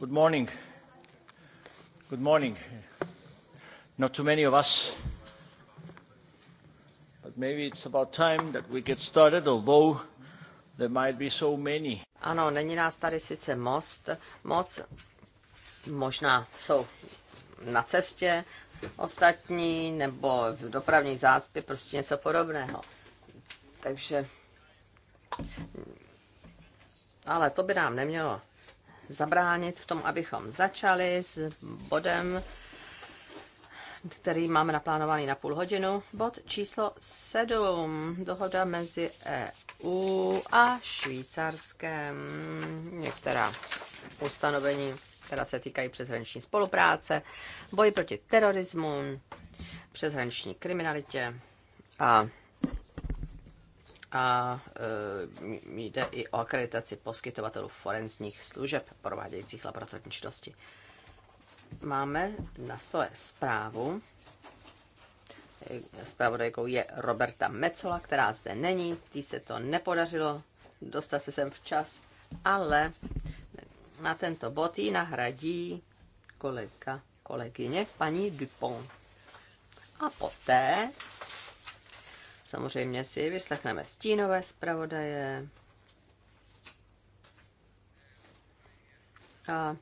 Good morning. Good morning. Not too many of us, but maybe it's about time that we get started, although there might be so many. Ano, není nás tady sice most, moc, možná jsou na cestě ostatní nebo v dopravní zácpě, prostě něco podobného. Takže, ale to by nám nemělo zabránit v tom, abychom začali s bodem, který máme naplánovaný na půl hodinu. Bod číslo 7. Dohoda mezi EU a Švýcarském. Některá ustanovení, která se týkají přeshraniční spolupráce, boj proti terorismu, přeshraniční kriminalitě a a e, jde i o akreditaci poskytovatelů forenzních služeb provádějících laboratorní činnosti. Máme na stole zprávu. E, zpravodajkou je Roberta Mecola, která zde není. Tý se to nepodařilo dostat se sem včas, ale na tento bod ji nahradí kolega, kolegyně paní Dupont. A poté Samozřejmě si vyslechneme stínové zpravodaje. A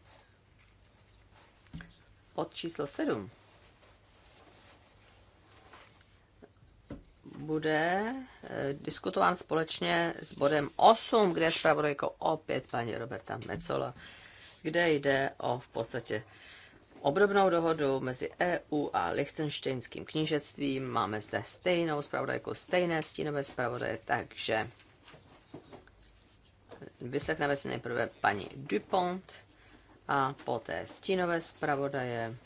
od číslo 7 bude eh, diskutován společně s bodem 8, kde je zpravodajkou opět paní Roberta Mecola, kde jde o v podstatě obdobnou dohodu mezi EU a Lichtenštejnským knížectvím. Máme zde stejnou zpravodajku, stejné stínové zpravodaje, takže vyslechneme si nejprve paní Dupont a poté stínové zpravodaje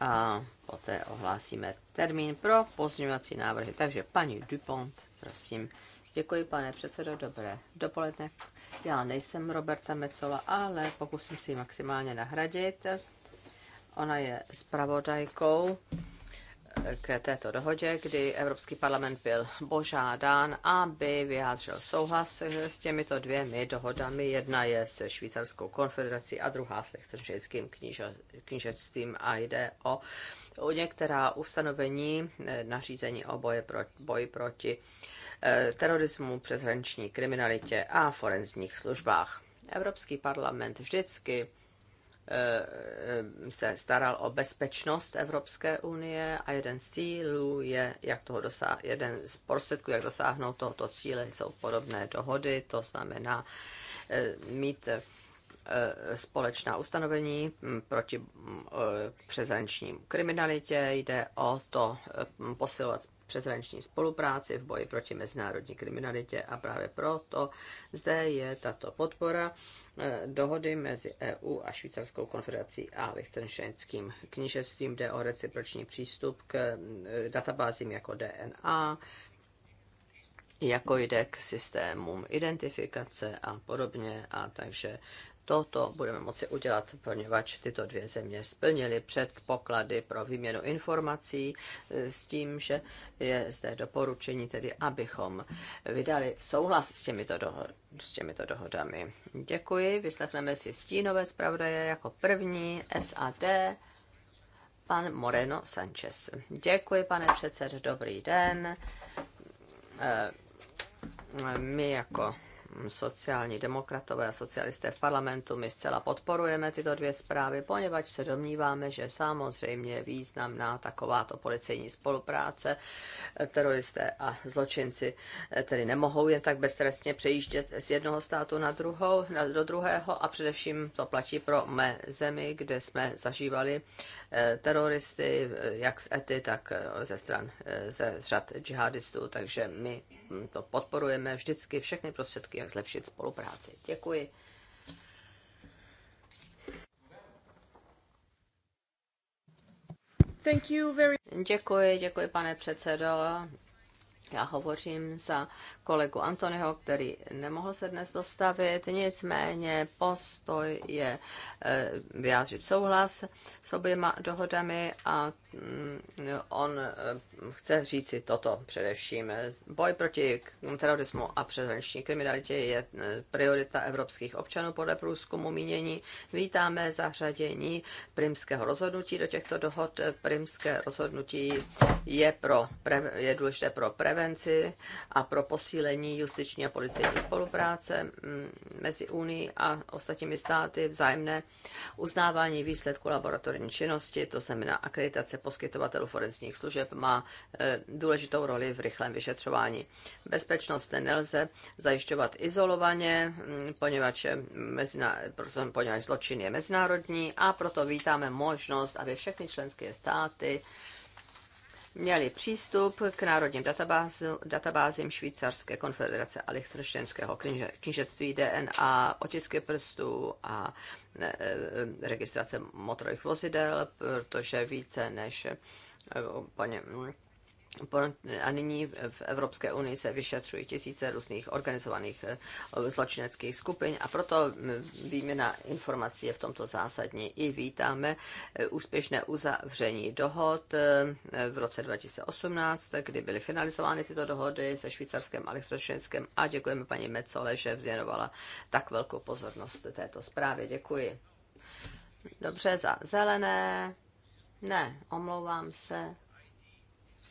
a poté ohlásíme termín pro pozměňovací návrhy. Takže paní Dupont, prosím. Děkuji, pane předsedo, dobré dopoledne. Já nejsem Roberta Mecola, ale pokusím si ji maximálně nahradit. Ona je zpravodajkou eh, k této dohodě, kdy Evropský parlament byl požádán, aby vyjádřil souhlas eh, s těmito dvěmi dohodami. Jedna je se Švýcarskou konfederací a druhá s Lichtenštejnským knížectvím a jde o, o některá ustanovení eh, nařízení o boje pro, boji proti uh, Eh, terorismu, přeshraniční kriminalitě a forenzních službách. Evropský parlament vždycky eh, eh, se staral o bezpečnost Evropské unie a jeden z cílů je, jak toho dosáh, jeden z prostředků, jak dosáhnout tohoto cíle, jsou podobné dohody, to znamená mít společná ustanovení hm, proti hm, přeshraničním kriminalitě. Jde o to hm, posilovat přeshraniční spolupráci v boji proti mezinárodní kriminalitě a právě proto zde je tato podpora eh, dohody mezi EU a Švýcarskou konfederací a Lichtensteinským knížectvím, jde o reciproční přístup k eh, databázím jako DNA, jako jde k systémům identifikace a podobně. A takže toto budeme moci udělat, poněvadž tyto dvě země splnily předpoklady pro výměnu informací eh, s tím, že je zde doporučení tedy, abychom vydali souhlas s těmito, doho- s těmito dohodami. Děkuji, vyslechneme si stínové zpravodaje jako první SAD pan Moreno Sanchez. Děkuji, pane předsed, dobrý den. Eh, my jako sociální demokratové a socialisté v parlamentu, my zcela podporujeme tyto dvě zprávy, poněvadž se domníváme, že samozřejmě významná takováto policejní spolupráce. Eh, teroristé a zločinci eh, tedy nemohou jen tak beztrestně přejíždět z jednoho státu na druhou, na, do druhého a především to platí pro mé zemi, kde jsme zažívali eh, teroristy, jak z ety, tak ze stran, ze řad džihadistů, takže my hm, to podporujeme vždycky všechny prostředky, jak zlepšit spolupráci. Děkuji. Thank you very... Děkuji, děkuji pane předsedo. Já hovořím za kolegu Antonyho, který nemohl se dnes dostavit, nicméně postoj je eh, vyjádřit souhlas s oběma dohodami a mm, on eh, chce říci toto především. Boj proti terorismu a přeshraniční kriminalitě je eh, priorita evropských občanů podle průzkumu mínění. Vítáme zařadění primského rozhodnutí do těchto dohod. Primské rozhodnutí je, pro, je důležité pro prevenci prevenci a pro posílení justiční a policejní spolupráce mm, mezi Unii a ostatními státy, vzájemné uznávání výsledku laboratorní činnosti, to znamená akreditace poskytovatelů forenzních služeb, má e, důležitou roli v rychlém vyšetřování. Bezpečnost nelze zajišťovat izolovaně, mm, poněvadž, mezina, poněvadž zločin je mezinárodní a proto vítáme možnost, aby všechny členské státy, měli přístup k národním databázu, databázím Švýcarské konfederace a lichtrštěnského knížectví DNA, otisky prstů a e, e, registrace motorových vozidel, protože více než paně, e, a nyní v Evropské unii se vyšetřují tisíce různých organizovaných eh, zločineckých skupin a proto výměna informací je v tomto zásadní. I vítáme eh, úspěšné uzavření dohod eh, v roce 2018, kdy byly finalizovány tyto dohody se švýcarském a Lichtenštejnskem a děkujeme paní Mecole, že vzjenovala tak velkou pozornost této zprávě. Děkuji. Dobře, za zelené. Ne, omlouvám se.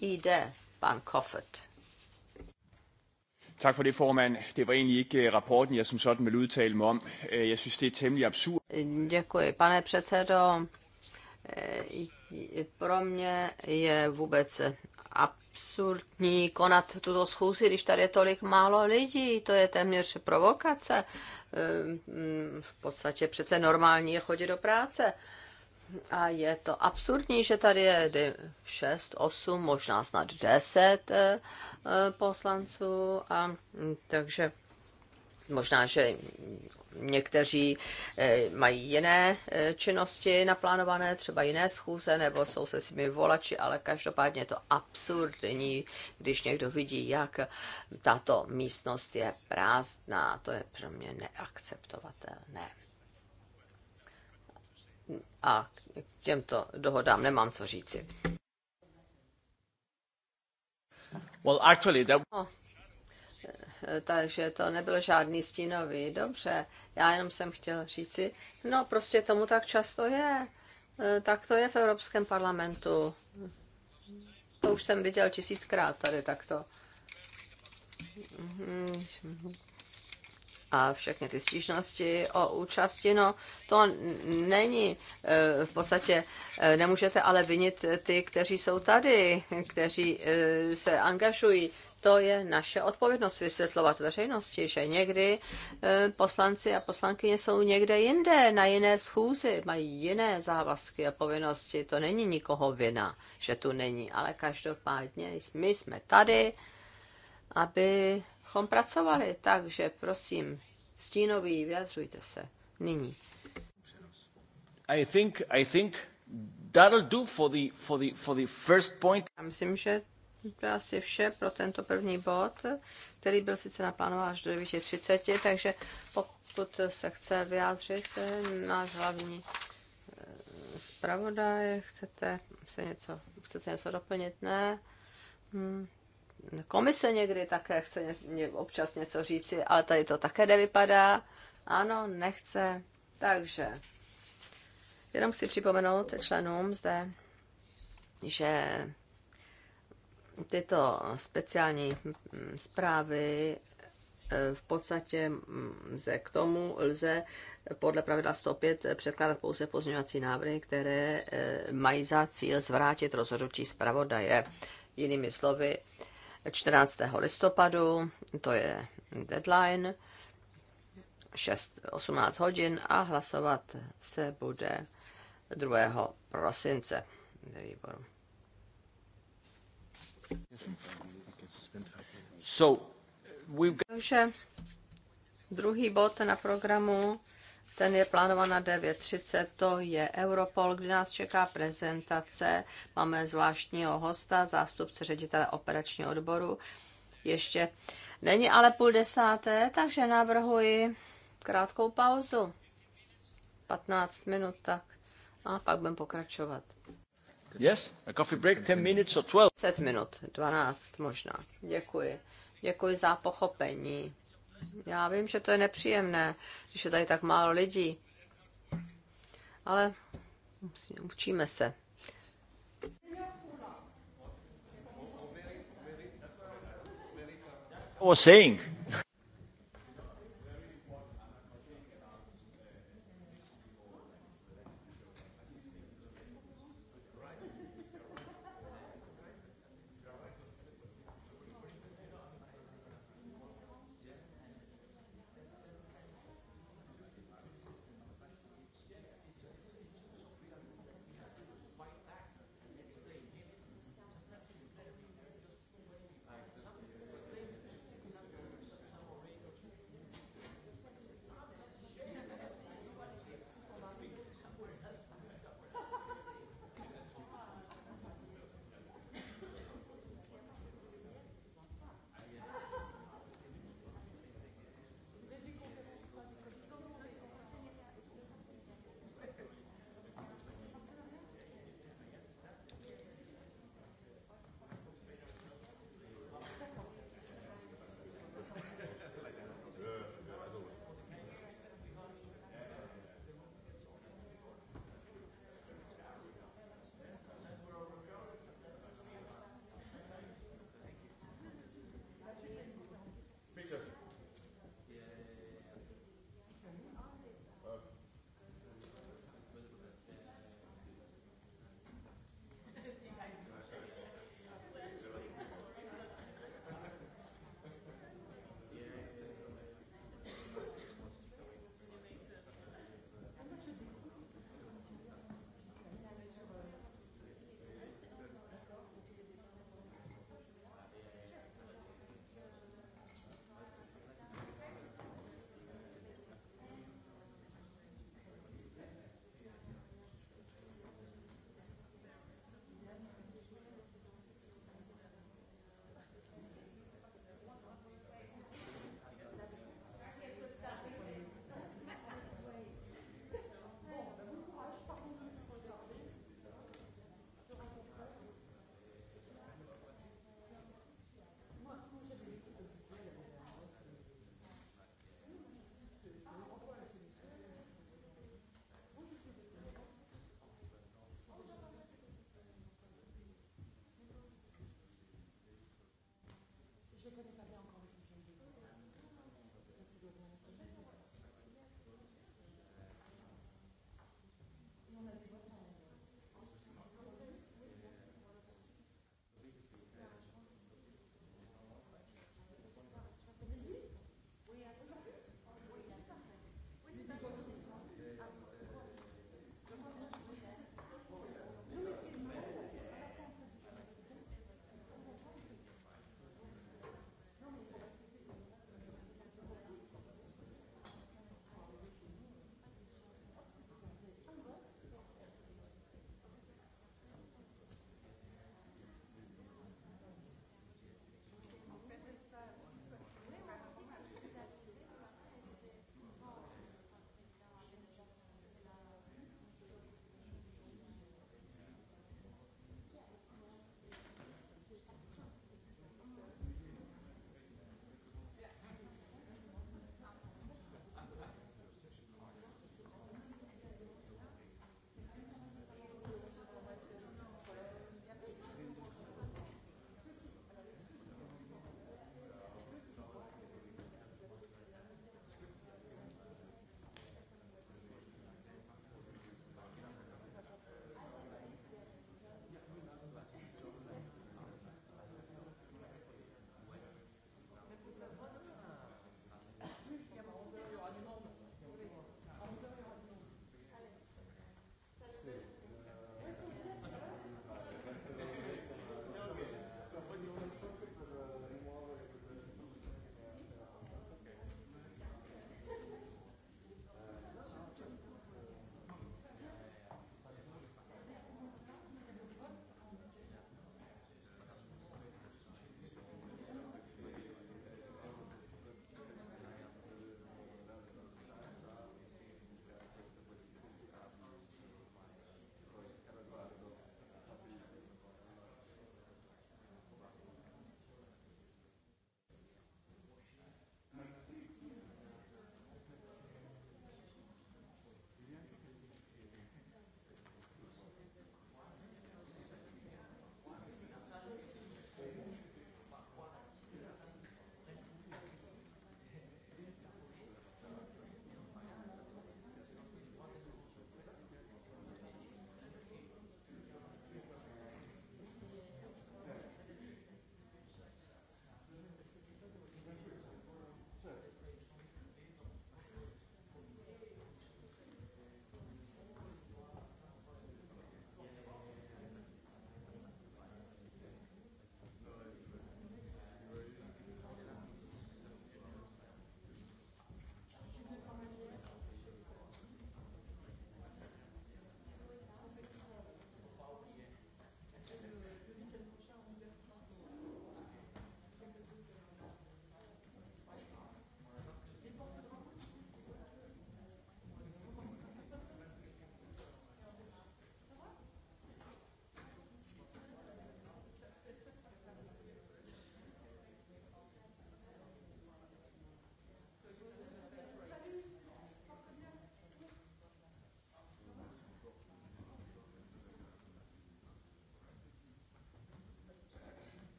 ID, pan Koffert. Tak for det, formand. Det var egentlig ikke øh, rapporten, jeg som sådan ville udtale mig om. Øh, jeg synes, det er temmelig absurd. Øh, děkuji, pane předsedo. Pro mě je vůbec absurdní konat tuto schůzi, když tady je tolik málo lidí. To je téměř provokace. Ehm, v podstatě přece normální je chodit do práce. A je to absurdní, že tady je 6, 8, možná snad 10 eh, eh, poslanců, a, mm, takže možná, že někteří eh, mají jiné činnosti naplánované, třeba jiné schůze, nebo jsou se svými volači, ale každopádně je to absurdní, když někdo vidí, jak tato místnost je prázdná. To je pro mě neakceptovatelné a k těmto dohodám nemám co říci. Well, actually, that... no, takže to nebyl žádný stínový, dobře. Já jenom jsem chtěl říci, no prostě tomu tak často je. Tak to je v Evropském parlamentu. To už jsem viděl tisíckrát tady takto. Mhm a všechny ty stížnosti o účasti, no to není e, v podstatě, e, nemůžete ale vinit ty, kteří jsou tady, kteří e, se angažují. To je naše odpovědnost vysvětlovat veřejnosti, že někdy poslanci a poslankyně jsou někde jinde, na jiné schůzi, mají jiné závazky a povinnosti. To není nikoho vina, že tu není, ale každopádně my jsme tady, aby chom pracovali. Takže prosím, stínový, vyjadřujte se nyní. I think, I think that'll do for the, for the, for the first point. Já myslím, že to je asi vše pro tento první bod, který byl sice naplánován až do 9.30, takže pokud se chce vyjádřit eh, náš hlavní eh, zpravodaj, chcete se něco, chcete něco doplnit? Ne? Hmm, komise někdy také chce občas něco říci, ale tady to také nevypadá. Ano, nechce. Takže jenom chci připomenout členům zde, že tyto speciální mm, zprávy e, v podstatě lze mm, k tomu lze podle pravidla 105 předkládat pouze pozměňovací návrhy, které e, mají za cíl zvrátit rozhodnutí zpravodaje. Jinými slovy, 14. listopadu, to je deadline, 6, 18 hodin a hlasovat se bude 2. prosince ve výboru. So, we've got... Takže druhý bod na programu ten je plánován na 9.30, to je Europol, kde nás čeká prezentace. Máme zvláštního hosta, zástupce ředitele operačního odboru. Ještě není ale půl desáté, takže navrhuji krátkou pauzu. 15 minut tak. A pak budeme pokračovat. Yes, a coffee break 10 minutes or 12. 10 minut, 12 možná. Děkuji. Děkuji za pochopení. Já vím, že to je nepříjemné, když je tady tak málo lidí, ale učíme se. was saying.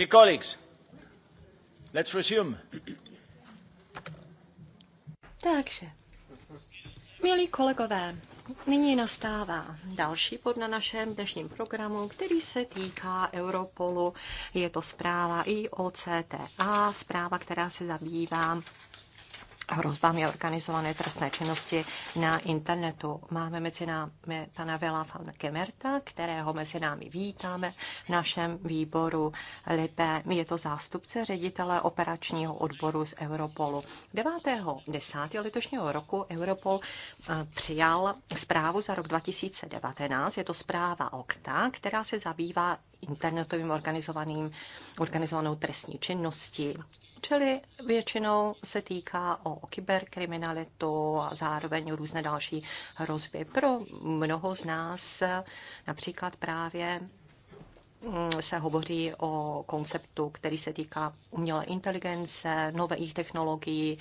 Dear colleagues, let's resume. Takže, milí kolegové, nyní nastává další bod na našem dnešním programu, který se týká Europolu. Je to zpráva IOCTA, zpráva, která se zabývá hrozbami organizované trestné činnosti na internetu. Máme mezi námi pana Vela van Kemerta, kterého mezi námi vítáme v našem výboru LIPE. Je to zástupce ředitele operačního odboru z Europolu. 9.10. letošního roku Europol eh, přijal zprávu za rok 2019. Je to zpráva OKTA, která se zabývá internetovým organizovaným, organizovanou trestní činnosti, Čili většinou se týká o kyberkriminalitu a zároveň různé další hrozby. Pro mnoho z nás například právě Mm, se hovoří o konceptu, který se týká umělé inteligence, nových technologií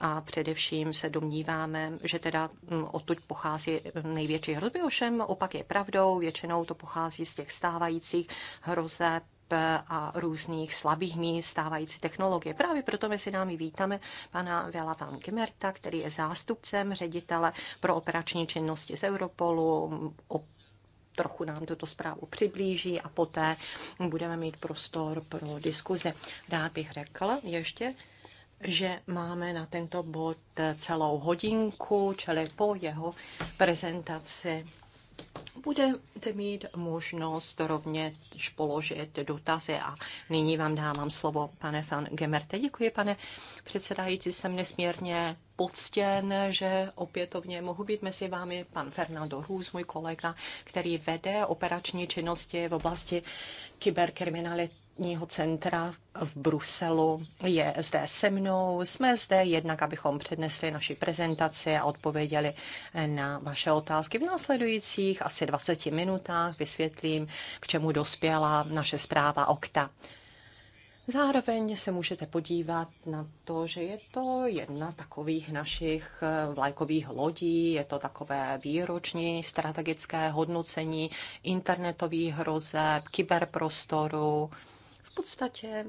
a především se domníváme, že teda mm, odtud pochází největší hrozby. Ovšem opak je pravdou, většinou to pochází z těch stávajících hrozeb a různých slabých míst stávající technologie. Právě proto si námi vítáme pana Vela van Kimmerta, který je zástupcem ředitele pro operační činnosti z Europolu, trochu nám tuto zprávu přiblíží a poté budeme mít prostor pro diskuzi. Rád bych řekl ještě, že máme na tento bod celou hodinku, čili po jeho prezentaci budete mít možnost rovněž položit dotazy a nyní vám dávám slovo, pane Fan Gemerte. Děkuji, pane předsedající, jsem nesmírně poctěn, že opětovně mohu být mezi vámi pan Fernando Hůz, můj kolega, který vede operační činnosti v oblasti kyberkriminality národního centra v Bruselu je zde se mnou. Jsme zde jednak, abychom přednesli naši prezentaci a odpověděli na vaše otázky. V následujících asi 20 minutách vysvětlím, k čemu dospěla naše zpráva OKTA. Zároveň se můžete podívat na to, že je to jedna takových našich eh, vlajkových lodí, je to takové výroční strategické hodnocení internetových hrozeb, kyberprostoru, v podstatě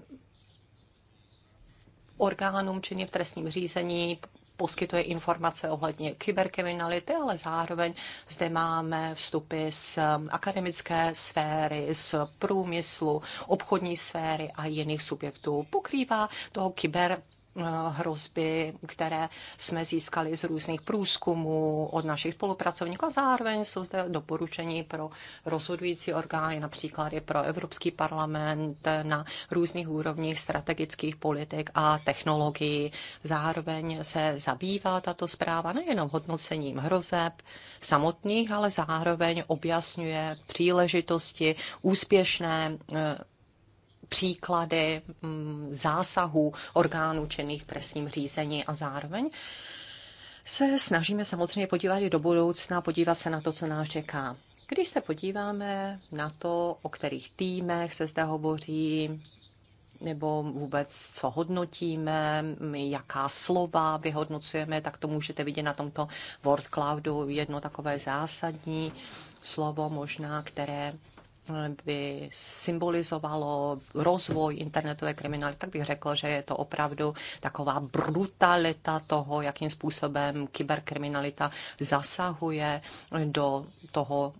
orgánům činným v trestním řízení poskytuje informace ohledně kyberkriminality, ale zároveň zde máme vstupy z akademické sféry, z průmyslu, obchodní sféry a jiných subjektů. Pokrývá toho kyber Eh, hrozby, které jsme získali z různých průzkumů od našich spolupracovníků a zároveň jsou zde doporučení pro rozhodující orgány, například i pro Evropský parlament na různých úrovních strategických politik a technologií. Zároveň se zabývá tato zpráva nejenom hodnocením hrozeb samotných, ale zároveň objasňuje příležitosti úspěšné eh, příklady mm, zásahů orgánů činných v trestním řízení a zároveň se snažíme samozřejmě podívat i do budoucna, podívat se na to, co nás čeká. Když se podíváme na to, o kterých týmech se zde hovoří, nebo vůbec co hodnotíme, jaká slova vyhodnocujeme, tak to můžete vidět na tomto word cloudu jedno takové zásadní slovo možná, které by symbolizovalo rozvoj internetové kriminality, tak bych řekl, že je to opravdu taková brutalita toho, jakým způsobem kyberkriminalita zasahuje do toho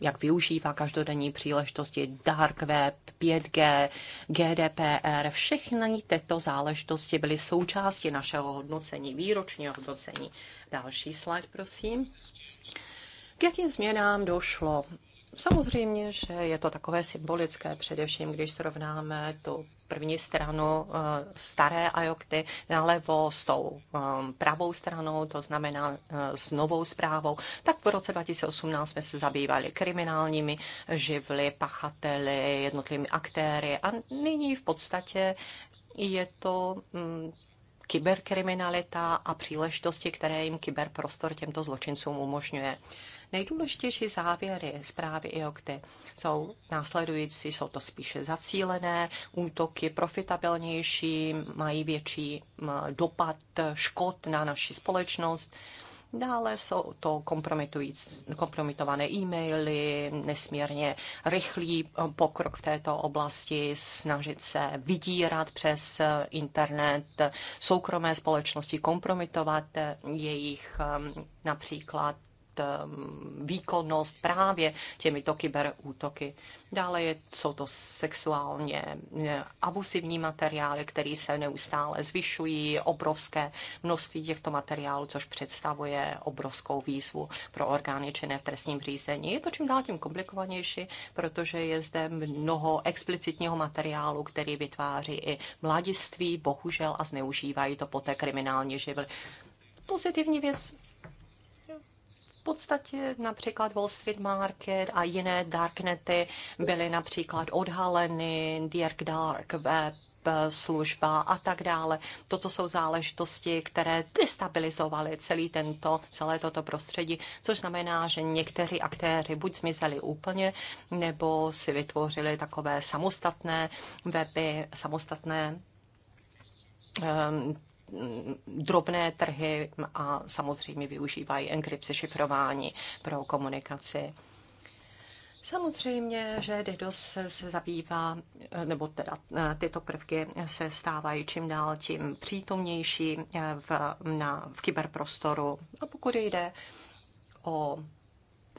jak využívá každodenní příležitosti dark web, 5G, GDPR, všechny tyto záležitosti byly součástí našeho hodnocení, výročního hodnocení. Další slide, prosím. K jakým změnám došlo Samozřejmě, že je to takové symbolické, především když srovnáme tu první stranu eh, staré ajokty nalevo s tou eh, pravou stranou, to znamená eh, s novou zprávou, tak v roce 2018 jsme se zabývali kriminálními živly, pachateli, jednotlivými aktéry a nyní v podstatě je to hm, kyberkriminalita a příležitosti, které jim kyberprostor těmto zločincům umožňuje. Nejdůležitější závěry zprávy IOKTY jsou následující, jsou to spíše zacílené útoky, profitabilnější, mají větší dopad škod na naši společnost. Dále jsou to kompromitované e-maily, nesmírně rychlý pokrok v této oblasti, snažit se vydírat přes internet soukromé společnosti, kompromitovat e, jejich například Um, výkonnost právě těmito kyberútoky. Dále jsou to sexuálně eh, abusivní materiály, které se neustále zvyšují, obrovské množství těchto materiálů, což představuje obrovskou výzvu pro orgány činné v trestním řízení. Je to čím dál tím komplikovanější, protože je zde mnoho explicitního materiálu, který vytváří i mladiství, bohužel, a zneužívají to poté kriminálně živl. Pozitivní věc v podstatě například Wall Street Market a jiné darknety byly například odhaleny, Dirk Dark Web, služba a tak dále. Toto jsou záležitosti, které destabilizovaly celý tento, celé toto prostředí, což znamená, že někteří aktéři buď zmizeli úplně, nebo si vytvořili takové samostatné weby, samostatné um, Mm, drobné trhy a samozřejmě využívají enkrypci šifrování pro komunikaci. Samozřejmě, že DDoS se, se zabývá, nebo teda eh, tyto prvky se stávají čím dál tím přítomnější eh, v, na, v kyberprostoru. A pokud jde o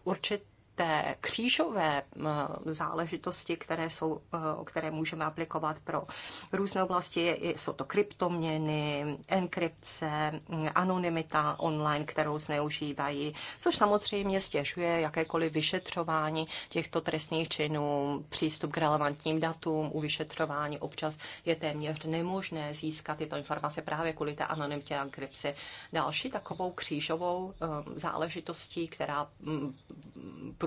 určit té křížové záležitosti, které jsou, které můžeme aplikovat pro různé oblasti, jsou to kryptoměny, enkrypce, anonymita online, kterou zneužívají, což samozřejmě stěžuje jakékoliv vyšetřování těchto trestných činů, přístup k relevantním datům u vyšetřování. Občas je téměř nemožné získat tyto informace právě kvůli té anonymitě a enkrypci. Další takovou křížovou záležitostí, která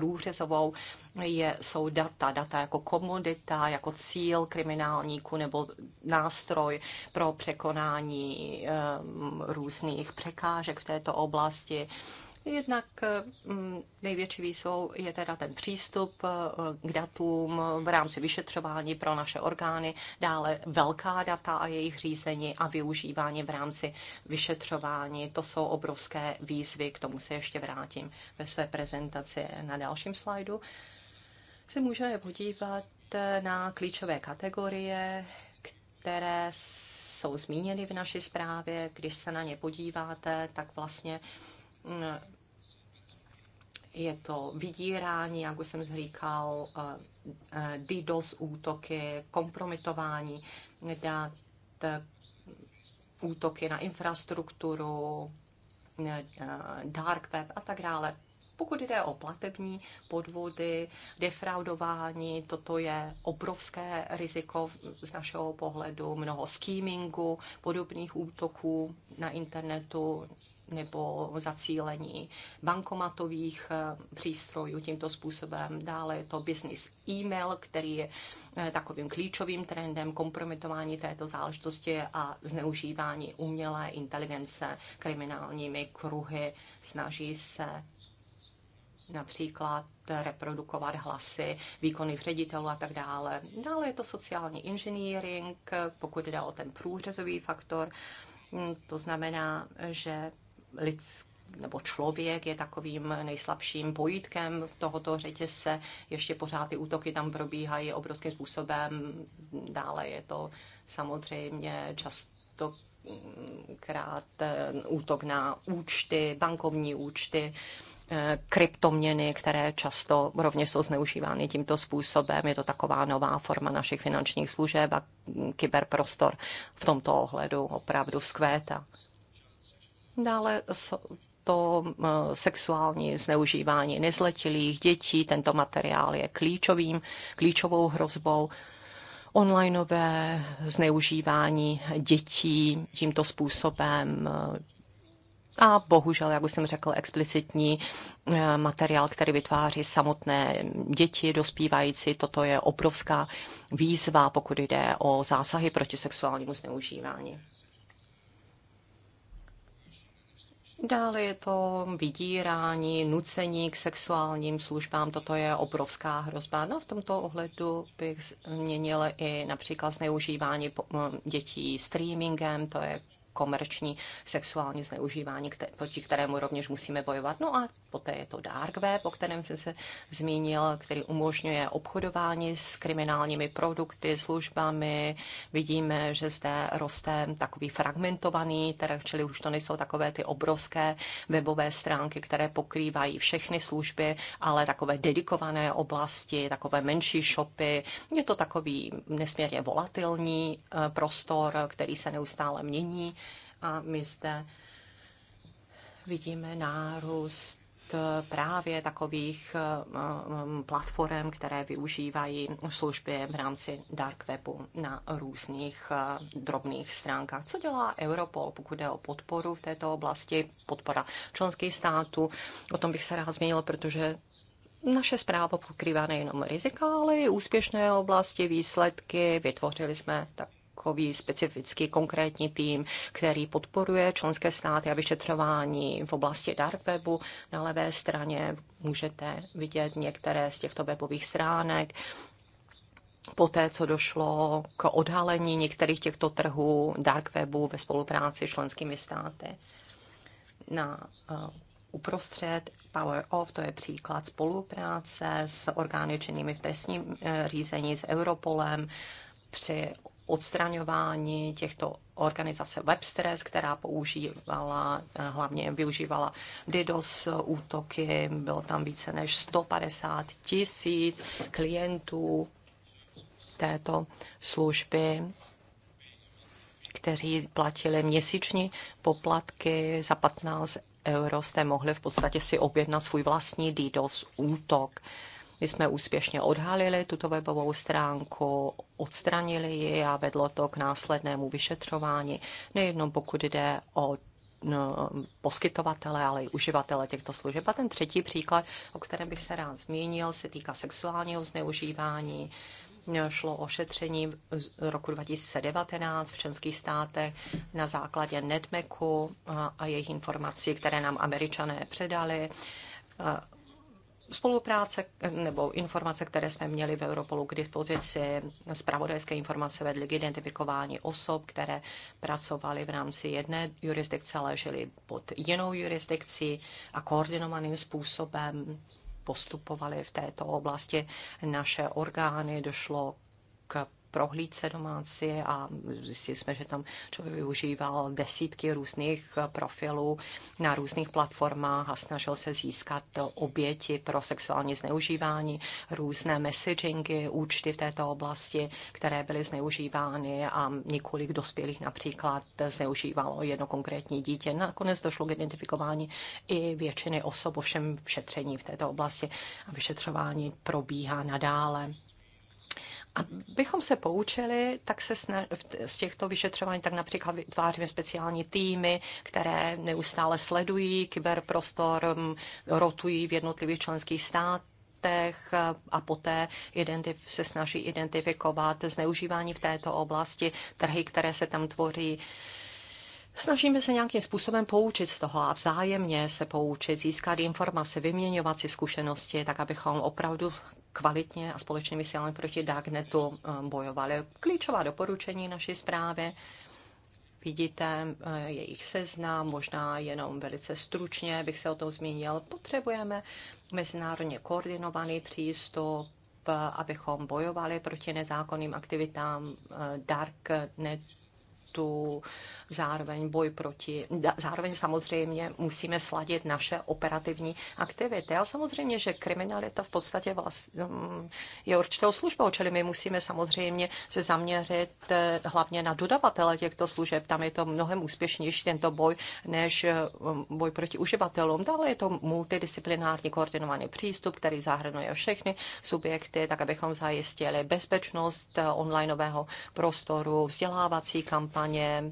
průřezovou je, jsou data. Data jako komodita, jako cíl kriminálníku nebo nástroj pro překonání um, různých překážek v této oblasti Jednak eh, mm, největší výzvou je teda ten přístup eh, k datům v rámci vyšetřování pro naše orgány, dále velká data a jejich řízení a využívání v rámci vyšetřování. To jsou obrovské výzvy, k tomu se ještě vrátím ve své prezentaci na dalším slajdu. Se můžeme podívat eh, na klíčové kategorie, které jsou zmíněny v naší zprávě. Když se na ně podíváte, tak vlastně mm, je to vydírání, jak už jsem říkal, eh, eh, DDoS útoky, kompromitování dát eh, útoky na infrastrukturu, dark web a tak dále. Pokud jde o platební podvody, defraudování, toto je obrovské riziko z našeho pohledu, mnoho skimmingu, podobných útoků na internetu, nebo zacílení bankomatových eh, přístrojů tímto způsobem. Dále je to business e-mail, který je eh, takovým klíčovým trendem kompromitování této záležitosti a zneužívání umělé inteligence kriminálními kruhy. Snaží se například reprodukovat hlasy výkonných ředitelů a tak dále. Dále je to sociální inženýring, eh, pokud jde o ten průřezový faktor, hmm, to znamená, že lidský nebo člověk je takovým nejslabším pojítkem tohoto řetězce. Ještě pořád ty útoky tam probíhají obrovským způsobem. Dále je to samozřejmě často mm, krát eh, útok na účty, bankovní účty, eh, kryptoměny, které často rovněž jsou zneužívány tímto způsobem. Je to taková nová forma našich finančních služeb a mm, kyberprostor v tomto ohledu opravdu vzkvétá. Dále to eh, sexuální zneužívání nezletilých dětí. Tento materiál je klíčovým, klíčovou hrozbou onlineové zneužívání dětí tímto způsobem. A bohužel, jak už jsem řekl, explicitní eh, materiál, který vytváří samotné děti, dospívající. Toto je obrovská výzva, pokud jde o zásahy proti sexuálnímu zneužívání. Dále je to vydírání, nucení k sexuálním službám, toto je obrovská hrozba. No v tomto ohledu bych změnil i například zneužívání dětí streamingem, to je komerční sexuální zneužívání, které, proti kterému rovněž musíme bojovat. No a poté je to dark web, o kterém jsem se zmínil, který umožňuje obchodování s kriminálními produkty, službami. Vidíme, že zde roste takový fragmentovaný trh, čili už to nejsou takové ty obrovské webové stránky, které pokrývají všechny služby, ale takové dedikované oblasti, takové menší shopy. Je to takový nesmírně volatilní eh, prostor, který se neustále mění a my zde vidíme nárůst eh, právě takových eh, platform, které využívají služby v rámci dark webu na různých eh, drobných stránkách. Co dělá Europol, pokud jde o podporu v této oblasti, podpora členských států? O tom bych se rád zmínil, protože naše zpráva pokrývá nejenom rizika, ale i úspěšné oblasti, výsledky. Vytvořili jsme tak takový specifický konkrétní tým, který podporuje členské státy a vyšetřování v oblasti dark webu. Na levé straně můžete vidět některé z těchto webových stránek, poté, co došlo k odhalení některých těchto trhů dark webu ve spolupráci s členskými státy. Na uh, uprostřed Power Off, to je příklad spolupráce s orgány činnými v trestním uh, řízení s Europolem při odstraňování těchto organizace Webstress, která používala, eh, hlavně využívala DDoS útoky, bylo tam více než 150 tisíc klientů této služby kteří platili měsíční poplatky za 15 euro, jste mohli v podstatě si objednat svůj vlastní DDoS útok. My jsme úspěšně odhalili tuto webovou stránku, odstranili ji a vedlo to k následnému vyšetřování, nejenom pokud jde o no, poskytovatele, ale i uživatele těchto služeb. A ten třetí příklad, o kterém bych se rád zmínil, se týká sexuálního zneužívání. Šlo o šetření z roku 2019 v členských státech na základě NEDMECu a jejich informací, které nám američané předali spolupráce nebo informace, které jsme měli v Europolu k dispozici, zpravodajské informace vedly k identifikování osob, které pracovaly v rámci jedné jurisdikce, ale žili pod jinou jurisdikcí a koordinovaným způsobem postupovaly v této oblasti naše orgány, došlo k prohlídce domácí a zjistili jsme, že tam člověk využíval desítky různých eh, profilů na různých platformách a snažil se získat oběti pro sexuální zneužívání, různé messagingy, účty v této oblasti, které byly zneužívány a několik dospělých například zneužívalo jedno konkrétní dítě. Nakonec došlo k identifikování i většiny osob, ovšem šetření v této oblasti a vyšetřování probíhá nadále. Abychom se poučili, tak se snaž, z těchto vyšetřování tak například vytváříme speciální týmy, které neustále sledují kyberprostor, rotují v jednotlivých členských státech a poté identif- se snaží identifikovat zneužívání v této oblasti, trhy, které se tam tvoří. Snažíme se nějakým způsobem poučit z toho a vzájemně se poučit, získat informace, vyměňovat si zkušenosti, tak abychom opravdu kvalitně a společně vysílali proti Darknetu eh, bojovali. Klíčová doporučení naší zprávy vidíte eh, jejich seznam, možná jenom velice stručně bych se o tom zmínil. Potřebujeme mezinárodně koordinovaný přístup, eh, abychom bojovali proti nezákonným aktivitám darknetu, zároveň boj proti, zároveň samozřejmě musíme sladit naše operativní aktivity. A samozřejmě, že kriminalita v podstatě vlast, mm, je určitou službou, čili my musíme samozřejmě se zaměřit eh, hlavně na dodavatele těchto služeb. Tam je to mnohem úspěšnější tento boj, než eh, mm, boj proti uživatelům. Dále je to multidisciplinární koordinovaný přístup, který zahrnuje všechny subjekty, tak abychom zajistili bezpečnost eh, onlineového prostoru, vzdělávací kampaně,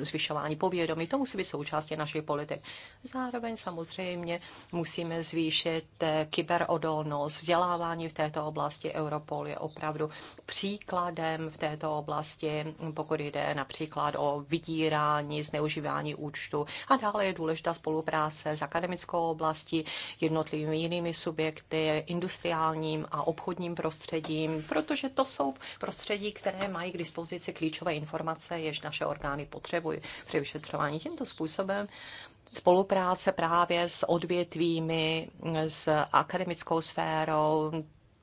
zvyšování povědomí, to musí být součástí našich politik. Zároveň samozřejmě musíme zvýšit eh, kyberodolnost, vzdělávání v této oblasti. Europol je opravdu příkladem v této oblasti, pokud jde například o vydírání, zneužívání účtu. A dále je důležitá spolupráce s akademickou oblastí, jednotlivými jinými subjekty, industriálním a obchodním prostředím, protože to jsou prostředí, které mají k dispozici klíčové informace, jež naše orgány potřebují potřebují při vyšetřování. Tímto způsobem spolupráce právě s odvětvími, s akademickou sférou,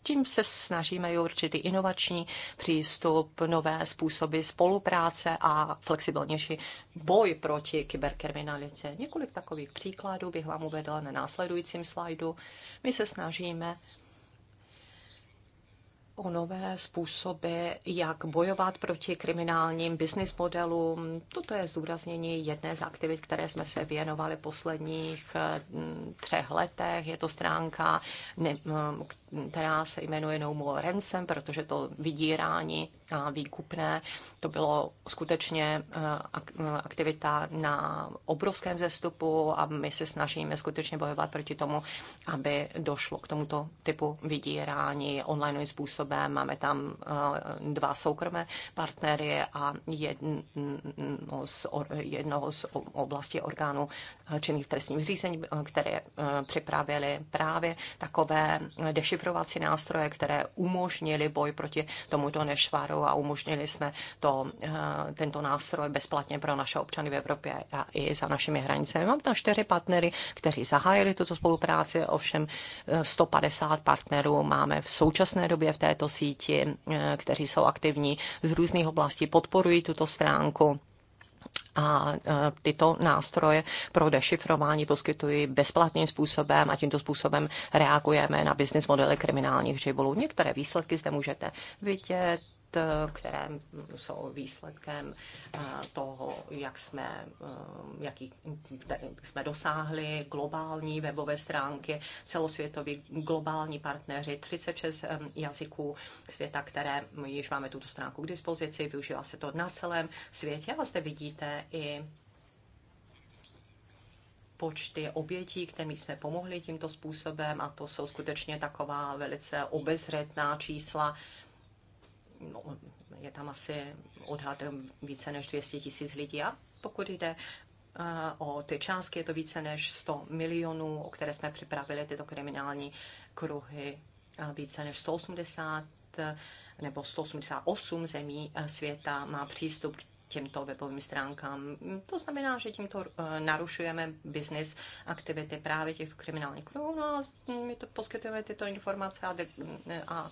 tím se snažíme i určitý inovační přístup, nové způsoby spolupráce a flexibilnější boj proti kyberkriminalitě. Několik takových příkladů bych vám uvedla na následujícím slajdu. My se snažíme o nové způsoby, jak bojovat proti kriminálním business modelům. Toto je zúraznění jedné z aktivit, které jsme se věnovali posledních mm, třech letech. Je to stránka, mm, která se jmenuje No More Ransom, protože to vydírání a výkupné, to bylo skutečně eh, eh, aktivita na obrovském zestupu a my se snažíme skutečně bojovat proti tomu, aby došlo k tomuto typu vydírání online způsobem. Máme tam eh, dva soukromé partnery a jedno z, jednoho z oblasti orgánů činných trestních řízení, které připravili právě takové dešifrování manevrovací nástroje, které umožnily boj proti tomuto nešvaru a umožnili jsme to, eh, tento nástroj bezplatně pro naše občany v Evropě a i za našimi hranicemi. Mám tam čtyři partnery, kteří zahájili tuto spolupráci, ovšem 150 eh, partnerů máme v současné době v této síti, eh, kteří jsou aktivní z různých oblastí, podporují tuto stránku a tyto nástroje pro dešifrování poskytují bezplatným způsobem a tímto způsobem reagujeme na business modely kriminálních živolů. Některé výsledky zde můžete vidět. Eh, které jsou výsledkem eh, toho, jak jsme, eh, jaký, jsme dosáhli globální webové stránky, celosvětoví globální partneři, 36 jazyků světa, které již máme tuto stránku k dispozici, využívá se to na celém světě a zde vidíte i počty obětí, kterým jsme pomohli tímto způsobem a to jsou skutečně taková velice obezřetná čísla, No, je tam asi odhad více než 200 tisíc lidí. A pokud jde eh, o ty částky, je to více než 100 milionů, o které jsme připravili tyto kriminální kruhy, více než 180 eh, nebo 188 zemí eh, světa má přístup k těmto webovým stránkám. To znamená, že tímto narušujeme business aktivity právě těch kriminálních kruhů no a my to poskytujeme tyto informace a, de, a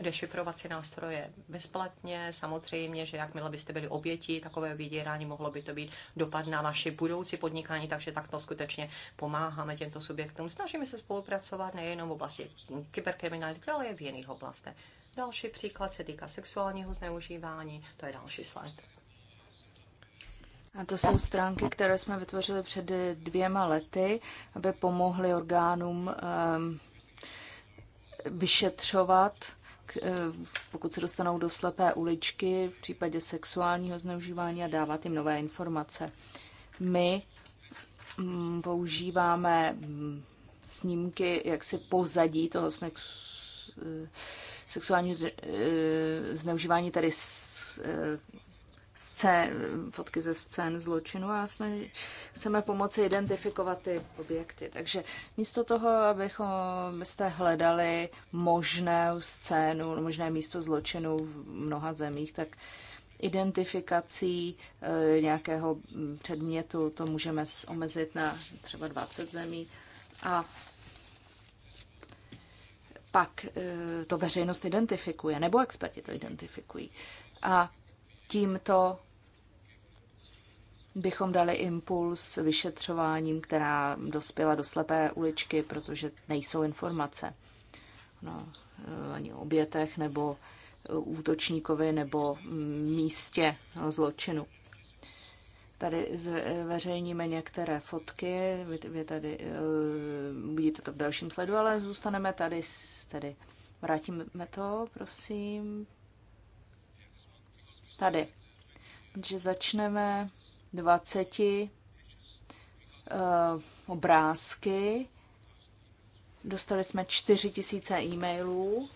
dešifrovací nástroje bezplatně. Samozřejmě, že jakmile byste byli oběti takové vydírání, mohlo by to být dopad na vaše budoucí podnikání, takže takto skutečně pomáháme těmto subjektům. Snažíme se spolupracovat nejenom v oblasti kyberkriminality, ale i v jiných oblastech. Další příklad se týká sexuálního zneužívání, to je další slide. A to jsou stránky, které jsme vytvořili před dvěma lety, aby pomohly orgánům um, vyšetřovat Eh, pokud se dostanou do slepé uličky v případě sexuálního zneužívání a dávat jim nové informace. My mm, používáme mm, snímky jaksi pozadí toho eh, sexuálního eh, zneužívání, tedy scén, fotky ze scén zločinu a snaží, chceme pomoci identifikovat ty objekty. Takže místo toho, abychom byste hledali možnou scénu, možné místo zločinu v mnoha zemích, tak identifikací e, nějakého předmětu to můžeme omezit na třeba 20 zemí a pak e, to veřejnost identifikuje, nebo experti to identifikují. A Tímto bychom dali impuls vyšetřováním, která dospěla do slepé uličky, protože nejsou informace no, ani o obětech nebo útočníkovi nebo místě no, zločinu. Tady zveřejníme některé fotky, vy, vy tady uh, vidíte to v dalším sledu, ale zůstaneme tady, tady. Vrátíme to, prosím. Tady. Takže začneme 20 uh, eh, obrázky. Dostali jsme 4000 e-mailů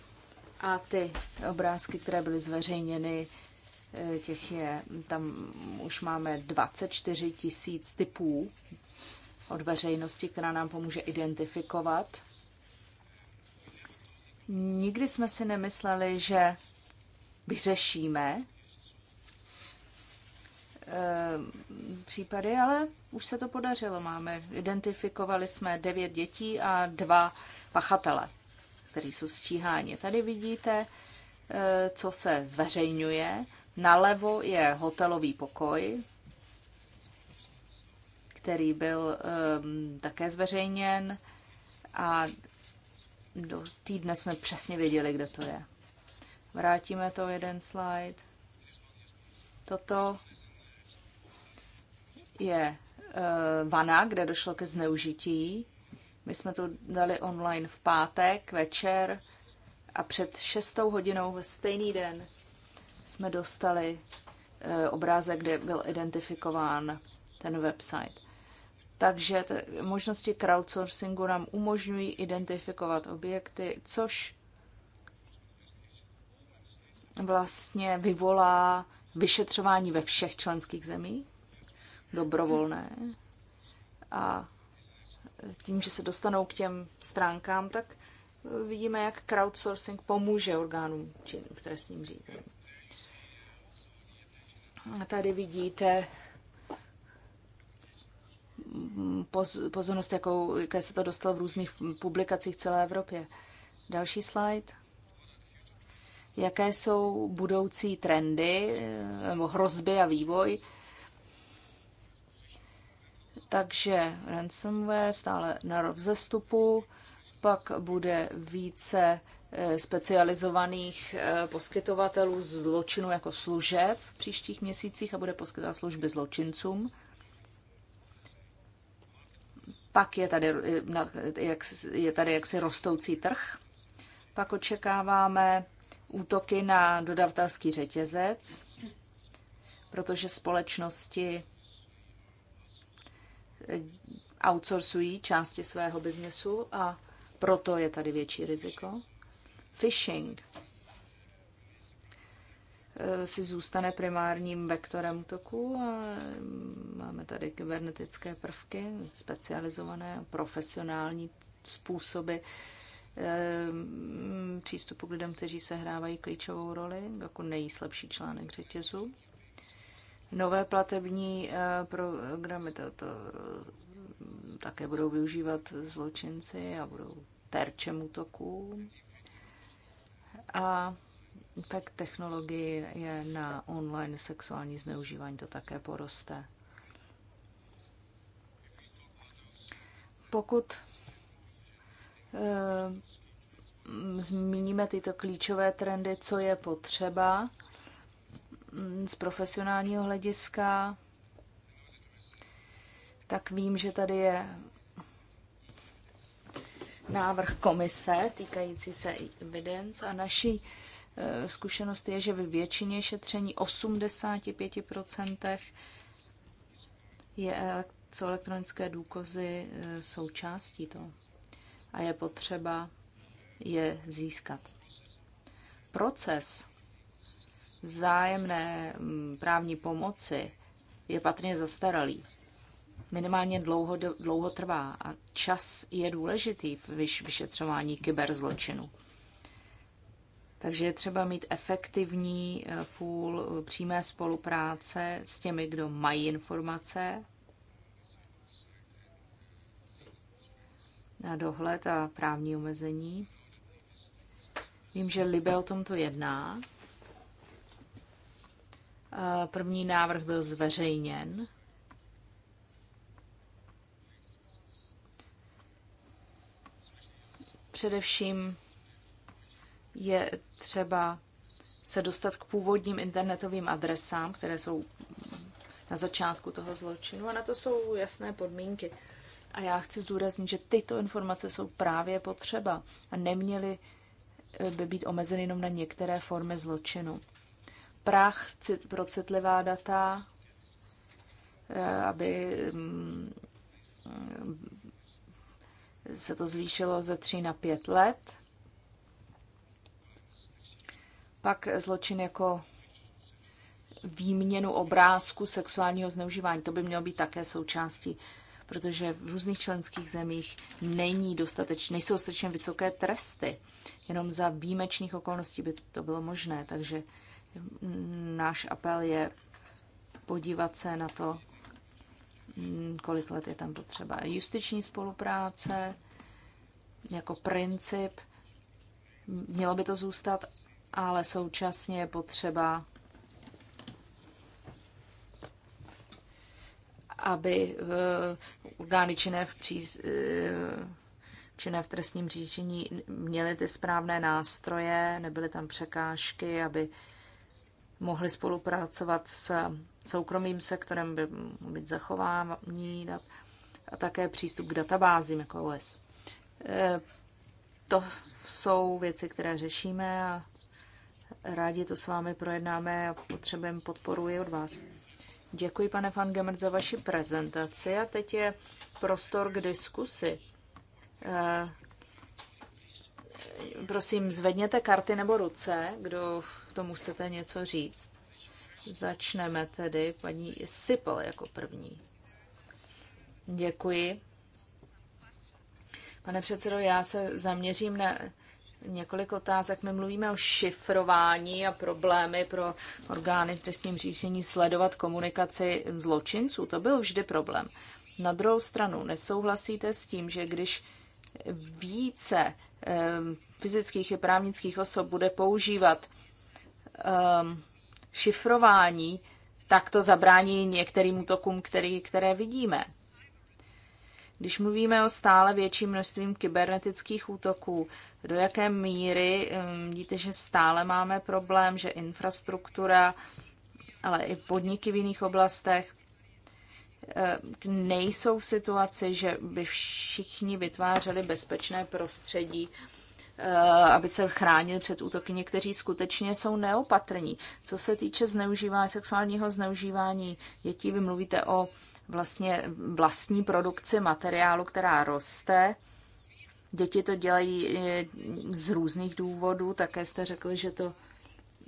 a ty obrázky, které byly zveřejněny, eh, těch je, tam už máme 24 tisíc typů od veřejnosti, která nám pomůže identifikovat. Nikdy jsme si nemysleli, že vyřešíme Eh, případy, ale už se to podařilo. Máme, identifikovali jsme devět dětí a dva pachatele, kteří jsou stíháni. Tady vidíte, eh, co se zveřejňuje. Nalevo je hotelový pokoj, který byl um, také zveřejněn a do týdne jsme přesně věděli, kde to je. Vrátíme to jeden slide. Toto je eh, vana, kde došlo ke zneužití. My jsme to dali online v pátek večer a před šestou hodinou ve stejný den jsme dostali eh, obrázek, kde byl identifikován ten website. Takže t- možnosti crowdsourcingu nám umožňují identifikovat objekty, což vlastně vyvolá vyšetřování ve všech členských zemích dobrovolné a tím, že se dostanou k těm stránkám, tak eh, vidíme, jak crowdsourcing pomůže orgánům činným v trestním řízení. A tady vidíte mm, pozornost, jakou, jaké se to dostalo v různých publikacích v celé Evropě. Další slide. Jaké jsou budoucí trendy eh, nebo hrozby a vývoj? Takže ransomware stále na rozestupu, pak bude více eh, specializovaných eh, poskytovatelů zločinu jako služeb v příštích měsících a bude poskytovat služby zločincům. Pak je tady, eh, jak, je tady jaksi rostoucí trh. Pak očekáváme útoky na dodavatelský řetězec, protože společnosti outsourcují části svého biznesu a proto je tady větší riziko. Phishing eh, si zůstane primárním vektorem toku. Máme tady kybernetické prvky, specializované profesionální způsoby eh, přístupu k lidem, kteří se hrávají klíčovou roli, jako nejslabší článek řetězu. Nové platební eh, programy to, to eh, také budou využívat zločinci a budou terčem útoků. A tak technologie je na online sexuální zneužívání to také poroste. Pokud e, zmíníme tyto klíčové trendy, co je potřeba, Mm, z profesionálního hlediska, tak vím, že tady je návrh komise týkající se evidence a naší e, zkušenost je, že ve většině šetření 85% je, co elektronické důkazy e, součástí toho a je potřeba je získat. Proces vzájemné mm, právní pomoci je patrně zastaralý. Minimálně dlouho, dlouho trvá a čas je důležitý v vyšetřování kyberzločinu. Takže je třeba mít efektivní eh, půl eh, přímé spolupráce s těmi, kdo mají informace na dohled a právní omezení. Vím, že Libe o tomto jedná. Eh, první návrh byl zveřejněn. Především je třeba se dostat k původním internetovým adresám, které jsou na začátku toho zločinu. A na to jsou jasné podmínky. A já chci zdůraznit, že tyto informace jsou právě potřeba a neměly by být omezeny jenom na některé formy zločinu prach pro citlivá data, eh, aby mm, se to zvýšilo ze 3 na 5 let. Pak zločin jako výměnu obrázku sexuálního zneužívání. To by mělo být také součástí, protože v různých členských zemích není dostateč, nejsou dostatečně vysoké tresty. Jenom za výjimečných okolností by to bylo možné. Takže Náš apel je podívat se na to, mm, kolik let je tam potřeba. Justiční spolupráce jako princip, mělo by to zůstat, ale současně je potřeba, aby eh, orgány činné v, příz, eh, činné v trestním řízení měly ty správné nástroje, nebyly tam překážky, aby mohli spolupracovat s soukromým sektorem, by být zachování dat a také přístup k databázím jako OS. E, to jsou věci, které řešíme a rádi to s vámi projednáme a potřebujeme podporu i od vás. Děkuji, pane Van Gemert, za vaši prezentaci a teď je prostor k diskusi. E, prosím, zvedněte karty nebo ruce, kdo k tomu chcete něco říct. Začneme tedy paní Sipel jako první. Děkuji. Pane předsedo, já se zaměřím na několik otázek. My mluvíme o šifrování a problémy pro orgány v trestním řízení sledovat komunikaci zločinců. To byl vždy problém. Na druhou stranu, nesouhlasíte s tím, že když více eh, fyzických i právnických osob bude používat um, šifrování, tak to zabrání některým útokům, který, které vidíme. Když mluvíme o stále větším množstvím kybernetických útoků, do jaké míry um, vidíte, že stále máme problém, že infrastruktura, ale i podniky v jiných oblastech eh, nejsou v situaci, že by všichni vytvářeli bezpečné prostředí Eh, aby se chránili před útoky. Někteří skutečně jsou neopatrní. Co se týče zneužívání, sexuálního zneužívání dětí, vy mluvíte o vlastně vlastní produkci materiálu, která roste. Děti to dělají eh, z různých důvodů, také jste řekli, že to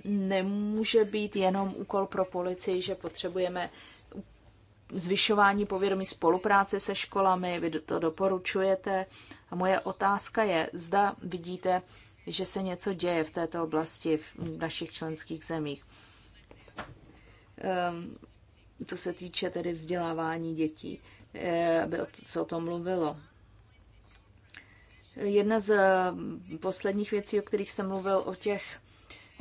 nemůže být jenom úkol pro policii, že potřebujeme zvyšování povědomí spolupráce se školami, vy to doporučujete. A moje otázka je, zda vidíte, že se něco děje v této oblasti v našich členských zemích. Ehm, to se týče tedy vzdělávání dětí, eh, aby se o tom mluvilo. Jedna z posledních věcí, o kterých jsem mluvil, o těch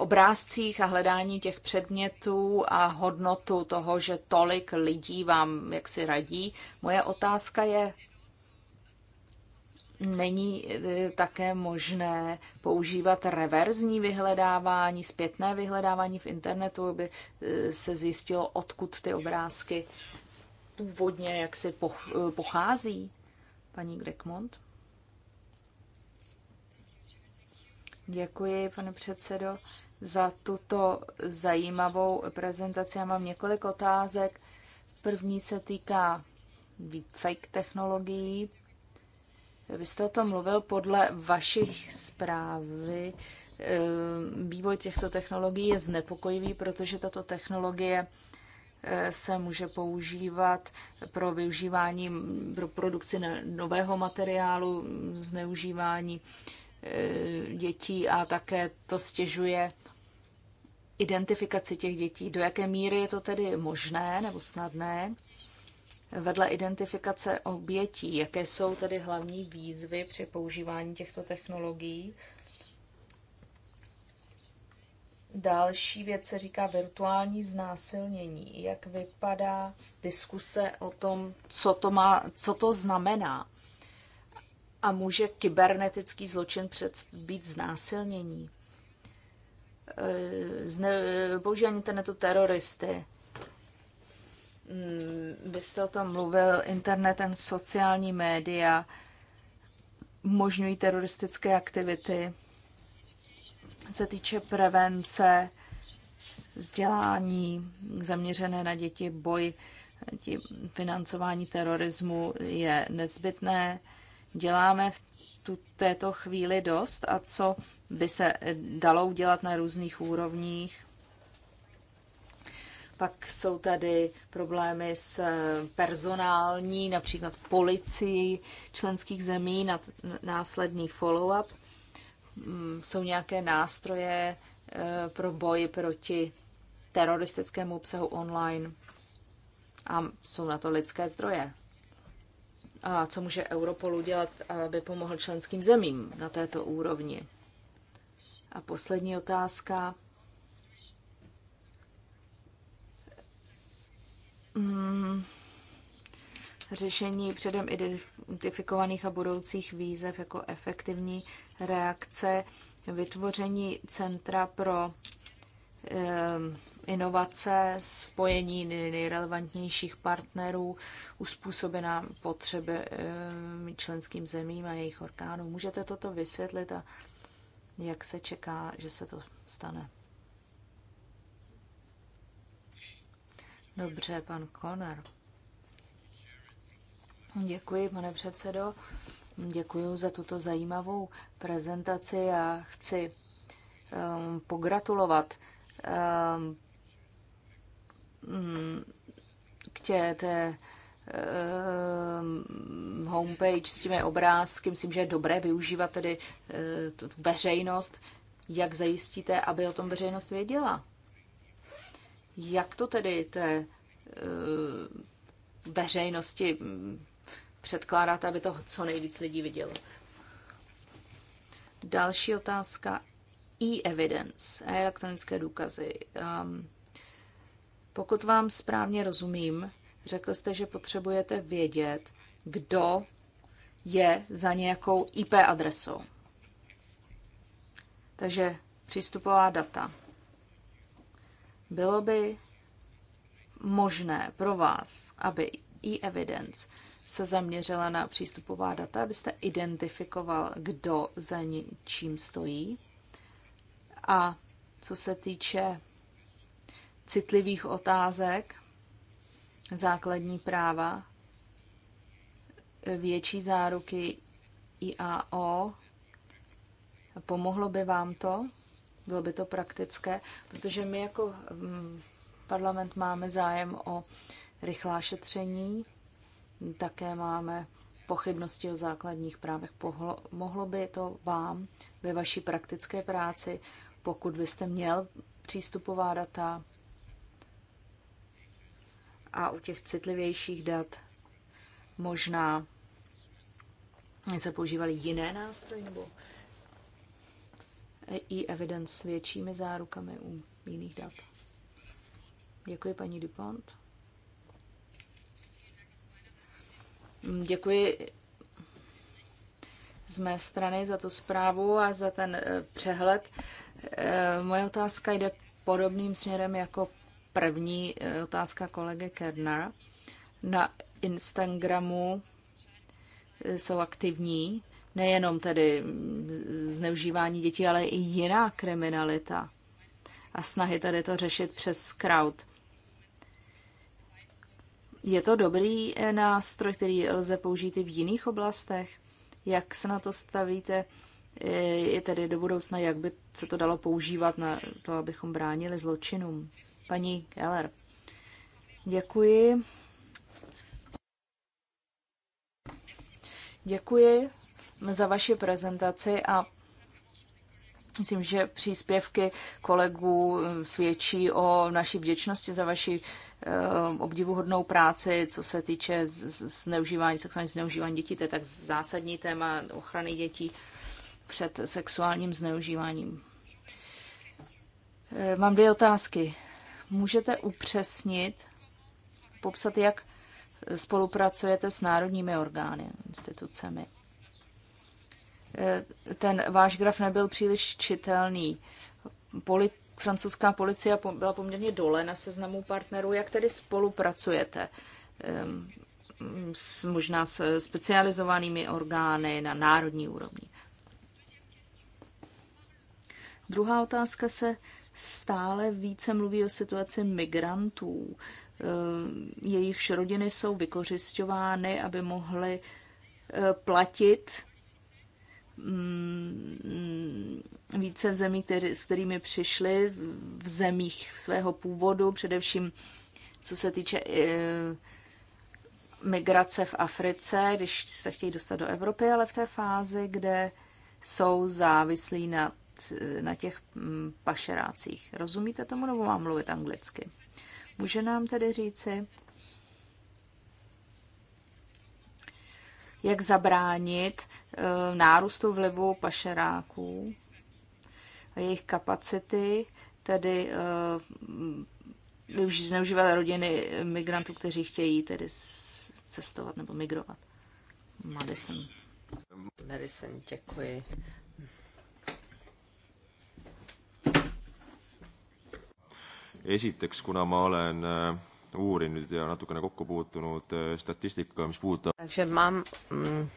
obrázcích a hledání těch předmětů a hodnotu toho, že tolik lidí vám jak si radí. Moje otázka je, není eh, také možné používat reverzní vyhledávání, zpětné vyhledávání v internetu, aby eh, se zjistilo, odkud ty obrázky původně jak si eh, pochází, paní Grekmont? Děkuji, pane předsedo za tuto zajímavou prezentaci. Já mám několik otázek. První se týká deepfake technologií. Vy jste o tom mluvil podle vašich zprávy. Ehm, vývoj těchto technologií je znepokojivý, protože tato technologie eh, se může používat pro využívání, pro produkci nového materiálu, zneužívání eh, dětí a také to stěžuje identifikaci těch dětí. Do jaké míry je to tedy možné nebo snadné? Vedle identifikace obětí, jaké jsou tedy hlavní výzvy při používání těchto technologií? Další věc se říká virtuální znásilnění. Jak vypadá diskuse o tom, co to, má, co to znamená? A může kybernetický zločin před, být znásilnění? Eh, zne, používání internetu teroristy. Mm, vy jste o tom mluvil, internet sociální média umožňují teroristické aktivity. Se týče prevence, vzdělání zaměřené na děti, boj financování terorismu je nezbytné. Děláme v tu této chvíli dost a co by se dalo udělat na různých úrovních. Pak jsou tady problémy s personální, například policií členských zemí na následný follow-up. Mm, jsou nějaké nástroje eh, pro boj proti teroristickému obsahu online a jsou na to lidské zdroje. A co může Europol udělat, aby pomohl členským zemím na této úrovni? A poslední otázka. Hmm. Řešení předem identifikovaných a budoucích výzev jako efektivní reakce, vytvoření centra pro eh, inovace, spojení nejrelevantnějších partnerů, uspůsobená potřeby eh, členským zemím a jejich orgánům. Můžete toto vysvětlit a jak se čeká, že se to stane? Dobře, pan Konar. Děkuji, pane předsedo. Děkuji za tuto zajímavou prezentaci a chci um, pogratulovat um, k té, té eh, homepage s těmi obrázky. Myslím, že je dobré využívat tedy eh, tu veřejnost. Jak zajistíte, aby o tom veřejnost věděla? Jak to tedy té eh, veřejnosti hm, předkládáte, aby to co nejvíc lidí vidělo? Další otázka. E-evidence, elektronické důkazy. Um, pokud vám správně rozumím, řekl jste, že potřebujete vědět, kdo je za nějakou IP adresou. Takže přístupová data. Bylo by možné pro vás, aby e-evidence se zaměřila na přístupová data, abyste identifikoval, kdo za ničím stojí. A co se týče citlivých otázek, základní práva, větší záruky IAO. Pomohlo by vám to? Bylo by to praktické? Protože my jako mm, parlament máme zájem o rychlá šetření, také máme pochybnosti o základních právech. Mohlo by to vám ve vaší praktické práci, pokud byste měl přístupová data, a u těch citlivějších dat možná se používaly jiné nástroje nebo i evidence s většími zárukami u jiných dat. Děkuji paní Dupont. Děkuji z mé strany za tu zprávu a za ten eh, přehled. Eh, moje otázka jde podobným směrem jako První eh, otázka kolege Kernera. Na Instagramu eh, jsou aktivní nejenom tedy mm, zneužívání dětí, ale i jiná kriminalita a snahy tady to řešit přes crowd. Je to dobrý eh, nástroj, který lze použít i v jiných oblastech? Jak se na to stavíte? Je tedy do budoucna, jak by se to dalo používat na to, abychom bránili zločinům? paní Keller. Děkuji. Děkuji za vaši prezentaci a myslím, že příspěvky kolegů svědčí o naší vděčnosti za vaši eh, obdivuhodnou práci, co se týče zneužívání, sexuální zneužívání dětí, to je tak zásadní téma ochrany dětí před sexuálním zneužíváním. Eh, mám dvě otázky. Můžete upřesnit, popsat, jak spolupracujete s národními orgány, institucemi? Eh, ten váš graf nebyl příliš čitelný. Poli- francouzská policie byla poměrně dole na seznamu partnerů. Jak tedy spolupracujete? Ehm, s, možná s specializovanými orgány na národní úrovni. Druhá otázka se stále více mluví o situaci migrantů. Eh, Jejichž rodiny jsou vykořišťovány, aby mohly eh, platit mm, více v zemích, s kterými přišli, v zemích svého původu, především co se týče eh, migrace v Africe, když se chtějí dostat do Evropy, ale v té fázi, kde jsou závislí na Eh, na těch mm, pašerácích. Rozumíte tomu, nebo mám mluvit anglicky? Může nám tedy říci, jak zabránit eh, nárůstu vlivu pašeráků a jejich kapacity, tedy eh, mm, už zneužívat rodiny migrantů, kteří chtějí tedy cestovat nebo migrovat. Madison. Madison, děkuji. esiteks, kuna ma olen äh, uurinud ja natukene kokku puutunud äh, statistika, mis puudutab. Takže mám mm,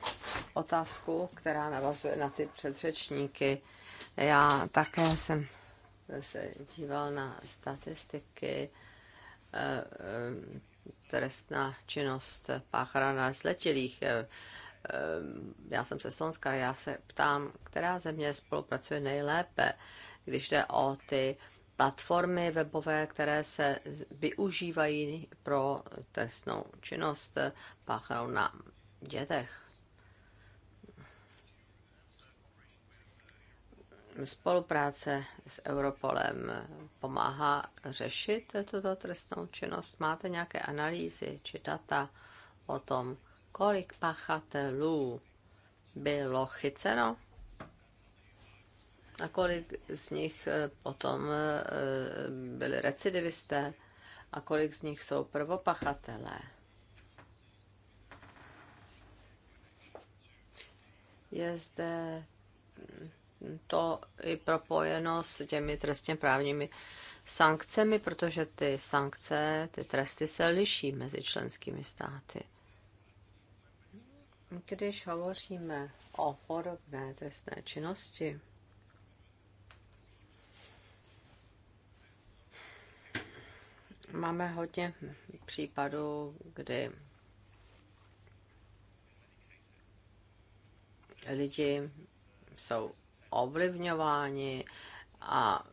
otázku, která navazuje na ty předřečníky. Já také jsem se díval na statistiky eh, eh, trestná činnost páchaná na zletilých. Eh, já jsem se Slonska, já se ptám, která země spolupracuje nejlépe, když jde o ty platformy webové, které se využívají pro trestnou činnost eh, páchanou na dětech. Spolupráce s Europolem pomáhá řešit tuto trestnou činnost. Máte nějaké analýzy či data o tom, kolik pachatelů bylo chyceno a kolik z nich eh, potom eh, byli recidivisté a kolik z nich jsou prvopachatelé. Je zde to i propojeno s těmi trestně právními sankcemi, protože ty sankce, ty tresty se liší mezi členskými státy. Když hovoříme o podobné trestné činnosti, Máme hodně případů, kdy lidi jsou ovlivňováni a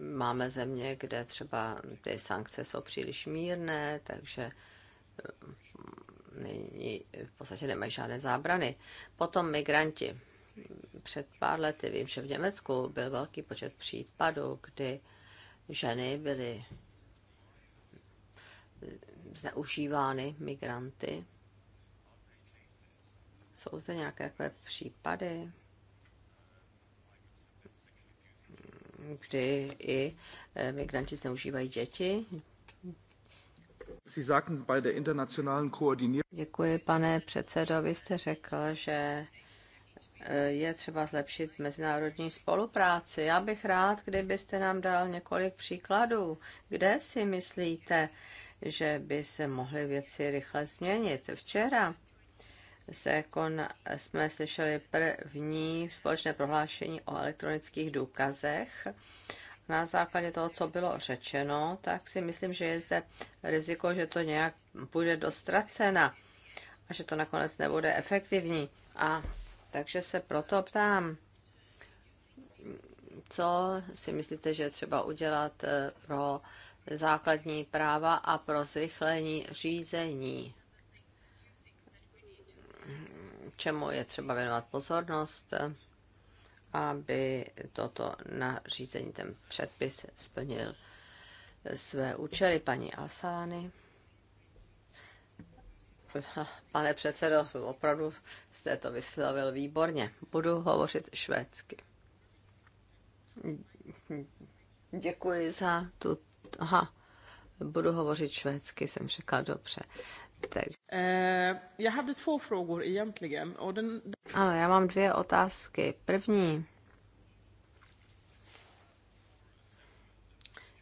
máme země, kde třeba ty sankce jsou příliš mírné, takže mm, není, v podstatě nemají žádné zábrany. Potom migranti. Před pár lety vím, že v Německu byl velký počet případů, kdy ženy byly zneužívány migranty? Jsou zde nějaké takové případy, kdy i eh, migranti zneužívají děti? Děkuji, pane předsedo. Vy jste řekl, že eh, je třeba zlepšit mezinárodní spolupráci. Já bych rád, kdybyste nám dal několik příkladů. Kde si myslíte, že by se mohly věci rychle změnit. Včera se kon, jsme slyšeli první společné prohlášení o elektronických důkazech. Na základě toho, co bylo řečeno, tak si myslím, že je zde riziko, že to nějak bude dostracena a že to nakonec nebude efektivní. A takže se proto ptám, co si myslíte, že třeba udělat eh, pro základní práva a pro zrychlení řízení, čemu je třeba věnovat pozornost, aby toto nařízení, ten předpis splnil své účely paní Alsány. Pane předsedo, opravdu jste to vyslovil výborně. Budu hovořit švédsky. Děkuji za tuto Aha, budu hovořit švédsky, jsem řekla dobře. Tak. Eh, já hade två frågor egentligen. Och den... Ano, já mám dvě otázky. První.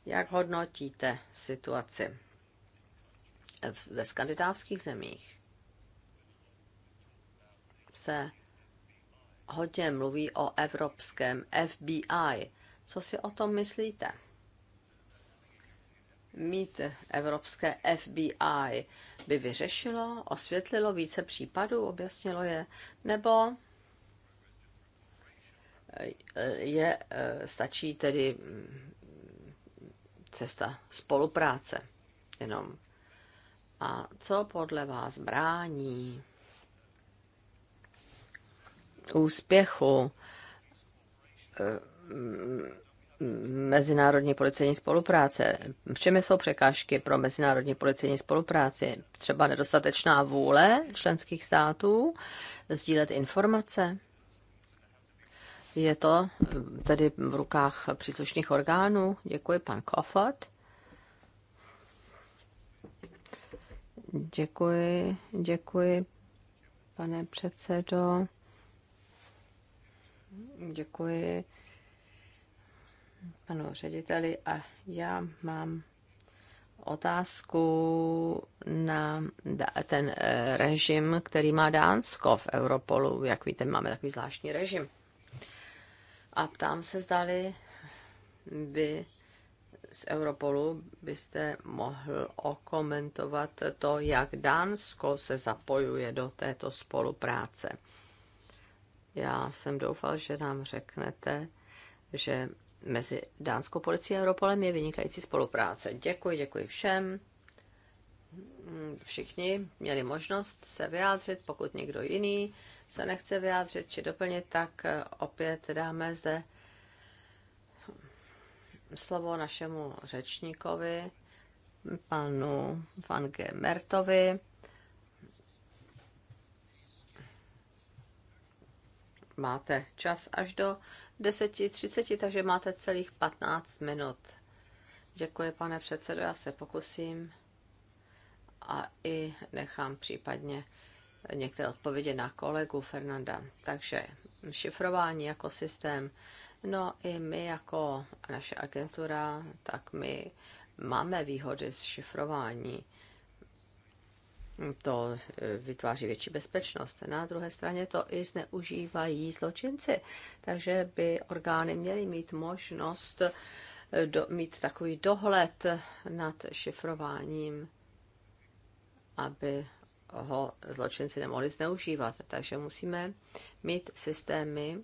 Jak hodnotíte situaci ve skandinávských zemích? Se hodně mluví o evropském FBI. Co si o tom myslíte? mít evropské FBI by vyřešilo, osvětlilo více případů, objasnilo je, nebo je, eh, stačí tedy mm, cesta spolupráce jenom. A co podle vás brání úspěchu eh, mezinárodní policejní spolupráce. V čem jsou překážky pro mezinárodní policejní spolupráci? Třeba nedostatečná vůle členských států sdílet informace? Je to tedy v rukách příslušných orgánů? Děkuji, pan Kofot. Děkuji, děkuji, pane předsedo. Děkuji panu řediteli a já mám otázku na ten eh, režim, který má Dánsko v Europolu. Jak víte, máme takový zvláštní režim. A ptám se, zdali by z Europolu byste mohl okomentovat to, jak Dánsko se zapojuje do této spolupráce. Já jsem doufal, že nám řeknete, že mezi dánskou policií a Europolem je vynikající spolupráce. Děkuji, děkuji všem. Všichni měli možnost se vyjádřit, pokud někdo jiný se nechce vyjádřit či doplnit, tak opět dáme zde slovo našemu řečníkovi, panu Van G. Mertovi. máte čas až do 10.30, takže máte celých 15 minut. Děkuji, pane předsedo, já se pokusím a i nechám případně některé odpovědi na kolegu Fernanda. Takže šifrování jako systém, no i my jako naše agentura, tak my máme výhody z šifrování to eh, vytváří větší bezpečnost. Na druhé straně to i zneužívají zločinci, takže by orgány měly mít možnost eh, do, mít takový dohled nad šifrováním, aby ho zločinci nemohli zneužívat. Takže musíme mít systémy,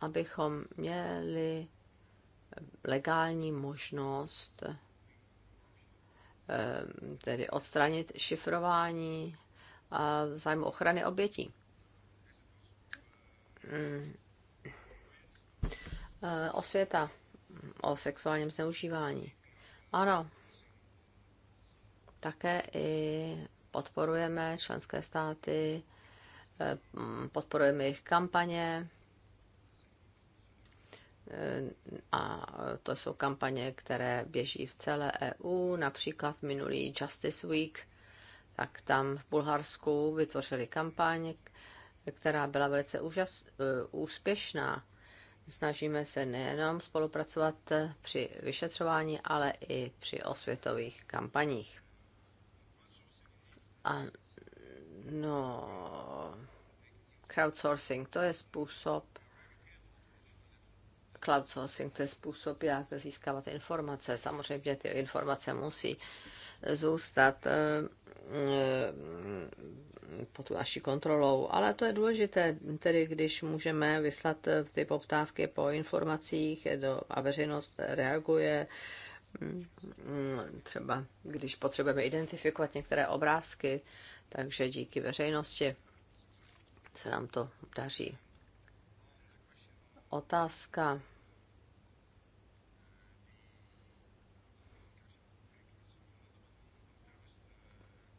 abychom měli legální možnost Eh, tedy odstranit šifrování a zájmu ochrany obětí. Mm. Eh, osvěta o sexuálním zneužívání. Ano, také i podporujeme členské státy, eh, podporujeme jejich kampaně a to jsou kampaně, které běží v celé EU, například minulý Justice Week, tak tam v Bulharsku vytvořili kampaň, která byla velice úžas, eh, úspěšná. Snažíme se nejenom spolupracovat při vyšetřování, ale i při osvětových kampaních. A no, crowdsourcing to je způsob, cloud sourcing, to je způsob, jak získávat informace. Samozřejmě ty informace musí zůstat eh, eh, pod naší kontrolou, ale to je důležité, tedy když můžeme vyslat eh, ty poptávky po informacích do, a veřejnost reaguje, mm, třeba když potřebujeme identifikovat některé obrázky, takže díky veřejnosti se nám to daří. Otázka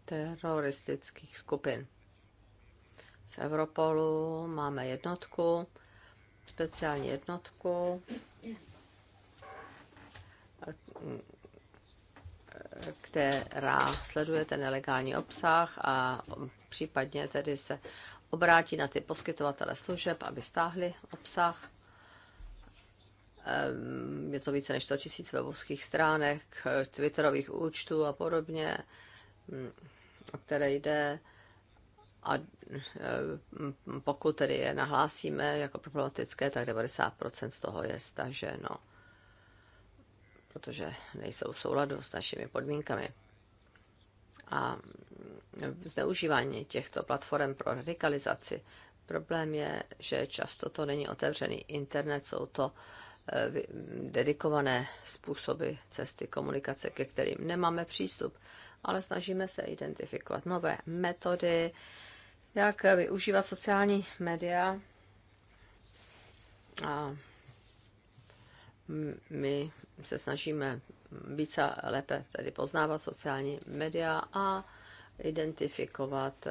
teroristických skupin. V Europolu máme jednotku, speciální jednotku, která sleduje ten nelegální obsah a případně tedy se obrátí na ty poskytovatele služeb, aby stáhli obsah. Ehm, je to více než 100 000 webovských stránek, twitterových účtů a podobně. Hm které jde, a e, pokud tedy je nahlásíme jako problematické, tak 90% z toho je staženo, protože nejsou v souladu s našimi podmínkami. A zneužívání těchto platform pro radikalizaci. Problém je, že často to není otevřený internet, jsou to e, dedikované způsoby cesty komunikace, ke kterým nemáme přístup ale snažíme se identifikovat nové metody, jak využívat sociální média. A my se snažíme více lépe tedy poznávat sociální média a identifikovat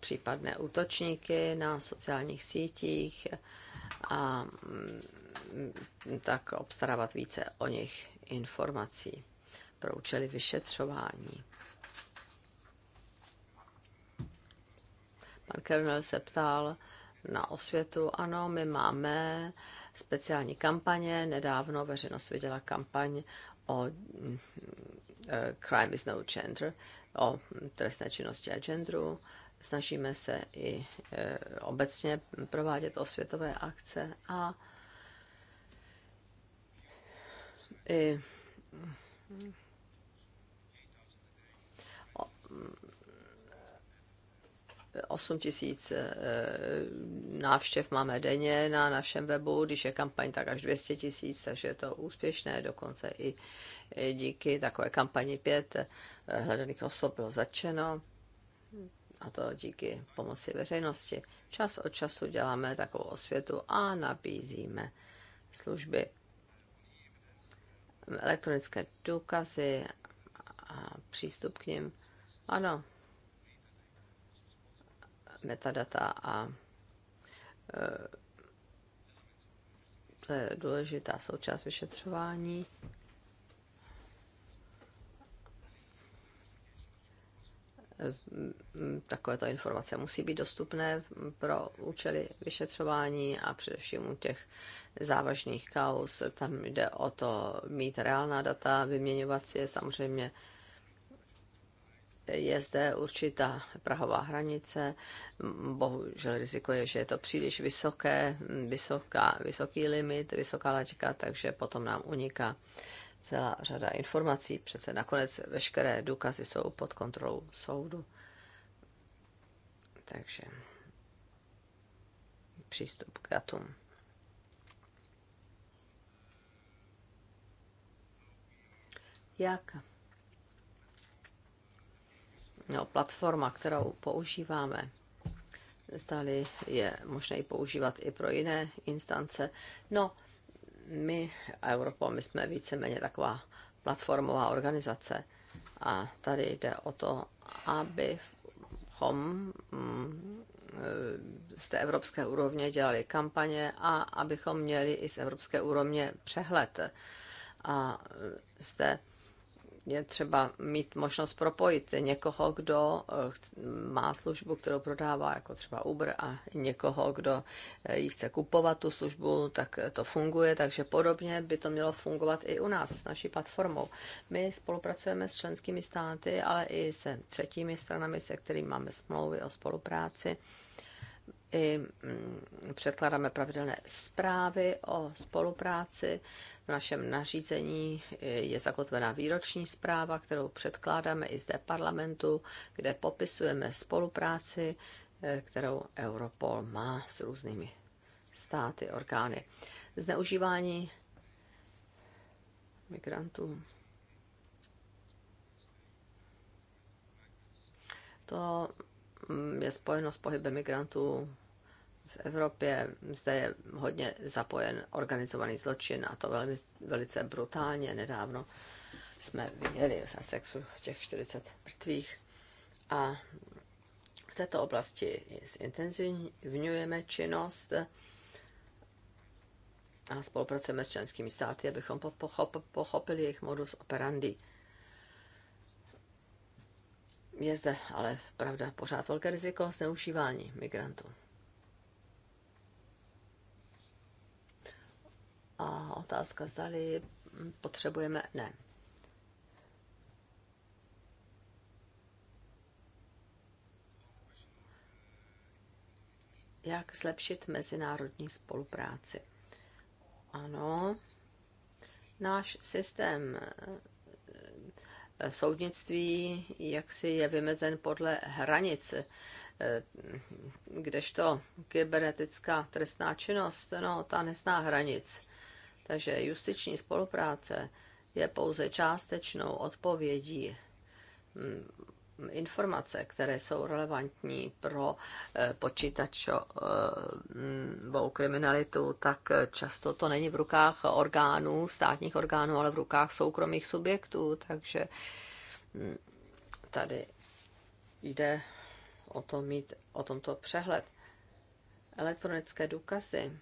případné útočníky na sociálních sítích a tak obstarávat více o nich informací pro účely vyšetřování. Pan Kernel se ptal na osvětu. Ano, my máme speciální kampaně. Nedávno veřejnost viděla kampaň o mm, eh, Crime is no gender, o trestné činnosti a genderu. Snažíme se i eh, obecně provádět osvětové akce a i 8 tisíc eh, návštěv máme denně na našem webu, když je kampaň, tak až 200 tisíc, takže je to úspěšné, dokonce i díky takové kampani 5 eh, hledaných osob bylo začeno a to díky pomoci veřejnosti. Čas od času děláme takovou osvětu a nabízíme služby. Elektronické důkazy a přístup k nim ano. Metadata a e, to je důležitá součást vyšetřování. takovéto informace musí být dostupné pro účely vyšetřování a především u těch závažných kaus. Tam jde o to mít reálná data, vyměňovat si je samozřejmě je zde určitá prahová hranice. Bohužel riziko je, že je to příliš vysoké, vysoká, vysoký limit, vysoká laťka, takže potom nám uniká celá řada informací. Přece nakonec veškeré důkazy jsou pod kontrolou soudu. Takže přístup k datům. Jak? no, platforma, kterou používáme, stále je možné ji používat i pro jiné instance. No, my, Europol, my jsme víceméně taková platformová organizace a tady jde o to, abychom mm, z té evropské úrovně dělali kampaně a abychom měli i z evropské úrovně přehled. A e, zde je třeba mít možnost propojit někoho, kdo eh, má službu, kterou prodává, jako třeba Uber, a někoho, kdo eh, ji chce kupovat, tu službu, tak to funguje, takže podobně by to mělo fungovat i u nás s naší platformou. My spolupracujeme s členskými státy, ale i se třetími stranami, se kterými máme smlouvy o spolupráci i mm, předkládáme pravidelné zprávy o spolupráci v našem nařízení je zakotvená výroční zpráva, kterou předkládáme i zde parlamentu, kde popisujeme spolupráci, eh, kterou Europol má s různými státy, orgány. Zneužívání migrantů. To mm, je spojeno s pohybem migrantů v Evropě zde je hodně zapojen organizovaný zločin a to velmi, velice brutálně. Nedávno jsme viděli na sexu těch 40 mrtvých. A v této oblasti zintenzivňujeme činnost a spolupracujeme s členskými státy, abychom pochopili jejich modus operandi. Je zde ale pravda pořád velké riziko zneužívání migrantů. A otázka zdali potřebujeme, ne. Jak zlepšit mezinárodní spolupráci? Ano, náš systém eh, soudnictví jak si je vymezen podle hranic, eh, kdežto kybernetická trestná činnost, no, ta nezná hranic takže justiční spolupráce je pouze částečnou odpovědí mm, informace, které jsou relevantní pro eh, počítačovou eh, mm, kriminalitu, tak často to není v rukách orgánů, státních orgánů, ale v rukách soukromých subjektů, takže mm, tady jde o to mít o tomto přehled. Elektronické důkazy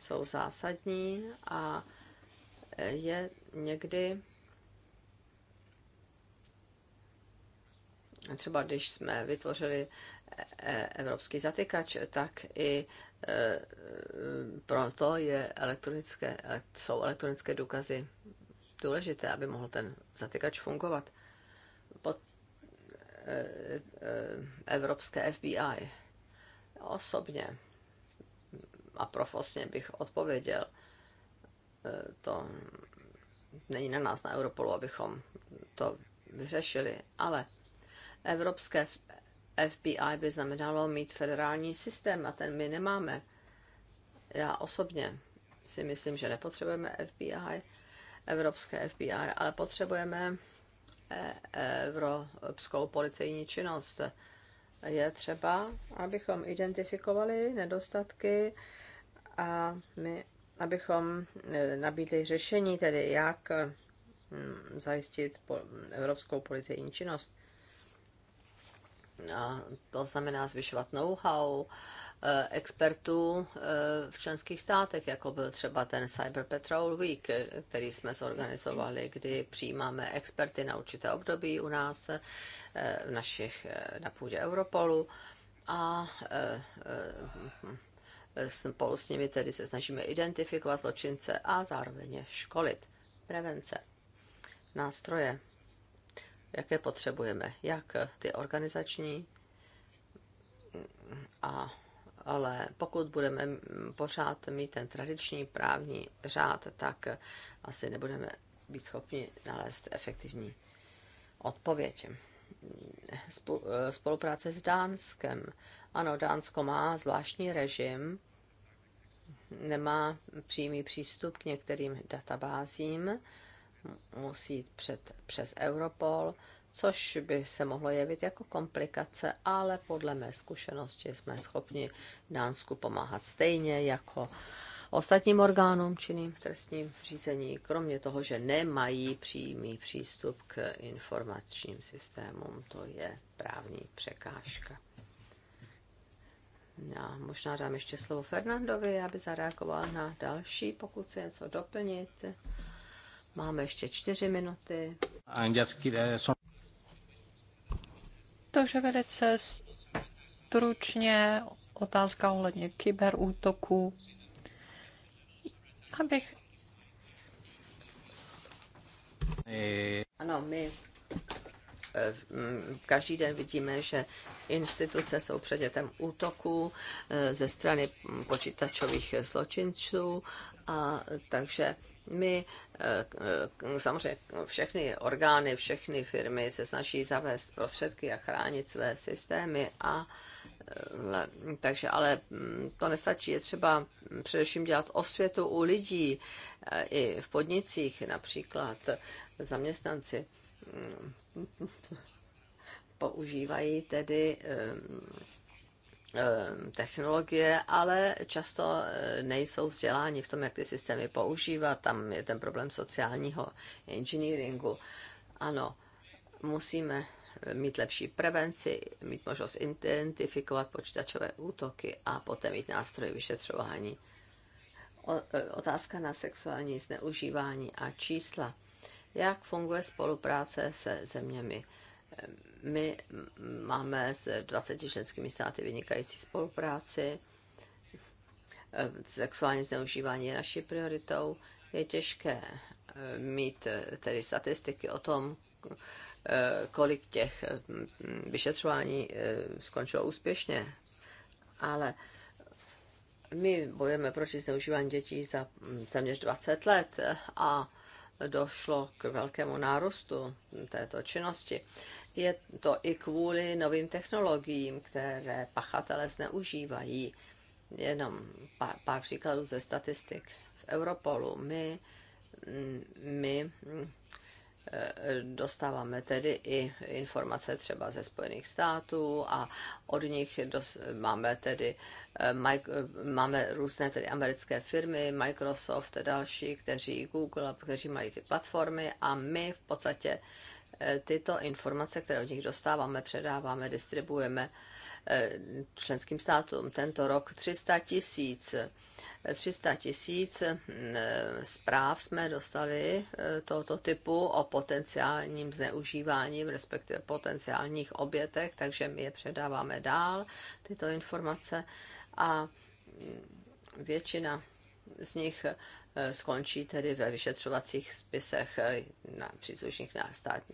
jsou zásadní a je někdy třeba když jsme vytvořili e, evropský zatykač, tak i e, proto je elektronické, jsou elektronické důkazy důležité, aby mohl ten zatykač fungovat. Pod e, evropské FBI osobně a profosně vlastně bych odpověděl. E, to není na nás, na Europolu, abychom to vyřešili, ale evropské FBI by znamenalo mít federální systém a ten my nemáme. Já osobně si myslím, že nepotřebujeme FBI, evropské FBI, ale potřebujeme e, evropskou policejní činnost. Je třeba, abychom identifikovali nedostatky a my, abychom eh, nabídli řešení, tedy jak eh, hm, zajistit evropskou policejní činnost. A to znamená zvyšovat know-how eh, expertů v členských státech, jako byl třeba ten Cyber Patrol Week, který jsme zorganizovali, kdy přijímáme experty na určité období u nás, v našich, na půdě Europolu. A Spolu s nimi tedy se snažíme identifikovat zločince a zároveň je školit. Prevence. Nástroje. Jaké potřebujeme? Jak ty organizační? A, ale pokud budeme pořád mít ten tradiční právní řád, tak asi nebudeme být schopni nalézt efektivní odpověď. Eh, spolupráce s Dánskem. Ano, Dánsko má zvláštní režim, nemá přímý přístup k některým databázím, musí jít před, přes Europol, což by se mohlo jevit jako komplikace, ale podle mé zkušenosti jsme schopni Dánsku pomáhat stejně jako uh, ostatním orgánům činným v trestním řízení, kromě toho, že nemají přímý přístup k informačním systémům. To je právní překážka. Já možná dám ještě slovo Fernandovi, aby zareagoval na další, pokud se něco doplnit. Máme ještě čtyři minuty. Eh, Takže velice stručně otázka ohledně kyberútoku abych... Ano, my eh, každý den vidíme, že instituce jsou předmětem útoku eh, ze strany počítačových zločinců a takže my eh, samozřejmě všechny orgány, všechny firmy se snaží zavést prostředky a chránit své systémy a takže ale mm, to nestačí, je třeba především dělat osvětu u lidí, e, i v podnicích například zaměstnanci mm, používají tedy e, e, technologie, ale často nejsou vzděláni v tom, jak ty systémy používat. Tam je ten problém sociálního engineeringu. Ano, musíme mít lepší prevenci, mít možnost identifikovat počítačové útoky a poté mít nástroje vyšetřování. O, e, otázka na sexuální zneužívání a čísla. Jak funguje spolupráce se zeměmi? E, my máme s 20 členskými státy vynikající spolupráci. E, sexuální zneužívání je naší prioritou. Je těžké mít tedy statistiky o tom, Eh, kolik těch eh, vyšetřování eh, skončilo úspěšně, ale my bojujeme proti zneužívání dětí za hm, téměř 20 let a došlo k velkému nárůstu této činnosti. Je to i kvůli novým technologiím, které pachatele zneužívají. Jenom pár, pár příkladů ze statistik. V Europolu my, hm, my hm, dostáváme tedy i informace třeba ze Spojených států a od nich dos- máme tedy eh, máme různé tedy americké firmy, Microsoft a další, kteří Google a kteří mají ty platformy a my v podstatě eh, tyto informace, které od nich dostáváme, předáváme, distribuujeme Eh, členským státům. Tento rok 300 tisíc 300 eh, tisíc eh, zpráv jsme dostali tohoto typu o potenciálním zneužívání, respektive potenciálních obětech, takže my je předáváme dál, tyto informace. A mm, většina z nich skončí tedy ve vyšetřovacích spisech na příslušných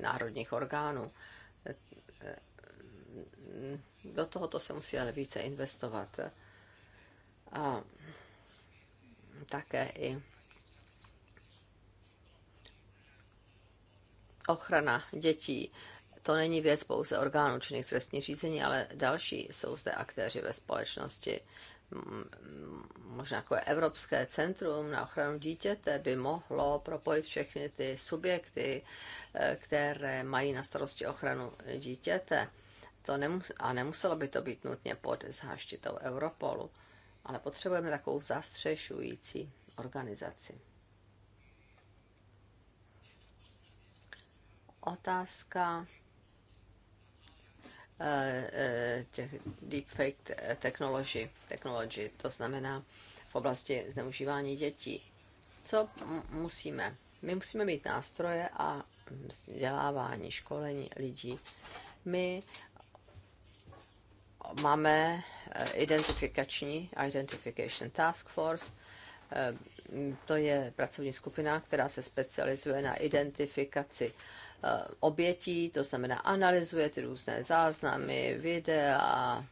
národních orgánů do tohoto se musí ale více investovat. A také i ochrana dětí. To není věc pouze orgánů činných trestní řízení, ale další jsou zde aktéři ve společnosti. Možná jako Evropské centrum na ochranu dítěte by mohlo propojit všechny ty subjekty, eh, které mají na starosti ochranu dítěte to nemus- a nemuselo by to být nutně pod záštitou Europolu, ale potřebujeme takovou zastřešující organizaci. Otázka eh, eh, těch deepfake technology, technology, to znamená v oblasti zneužívání dětí. Co musíme? My musíme mít nástroje a vzdělávání, školení lidí. My máme eh, identifikační, identification task force, eh, to je pracovní skupina, která se specializuje na identifikaci eh, obětí, to znamená analyzuje ty různé záznamy, videa,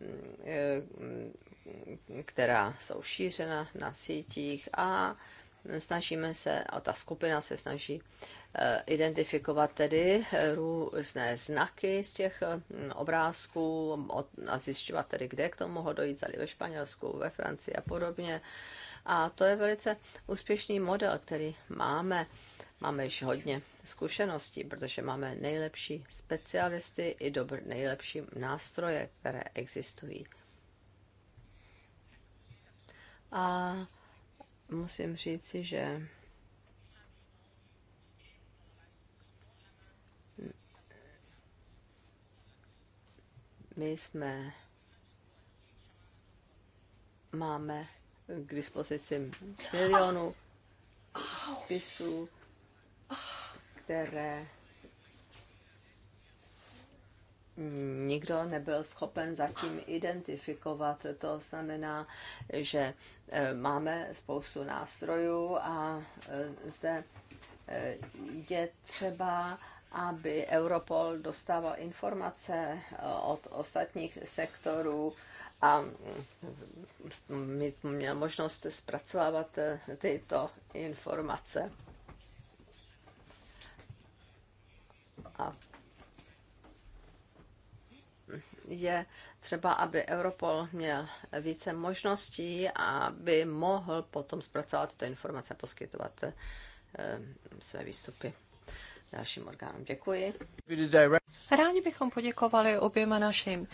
mm, mm, která jsou šířena na sítích a snažíme se, a ta skupina se snaží eh, identifikovat tedy eh, různé znaky z těch hm, obrázků a zjišťovat tedy, kde k tomu mohlo dojít, zali ve Španělsku, ve Francii a podobně. A to je velice úspěšný model, který máme. Máme již hodně zkušeností, protože máme nejlepší specialisty i dobr, nejlepší nástroje, které existují. A musím říci, že my jsme máme k dispozici milionů spisů, které nikdo nebyl schopen zatím identifikovat. To znamená, že eh, máme spoustu nástrojů a eh, zde eh, je třeba, aby Europol dostával informace od ostatních sektorů a mm, měl možnost zpracovávat tyto informace. A je třeba, aby Europol měl více možností, aby mohl potom zpracovat tyto informace a poskytovat eh, své výstupy dalším orgánům. Děkuji. Rádi bychom poděkovali oběma našim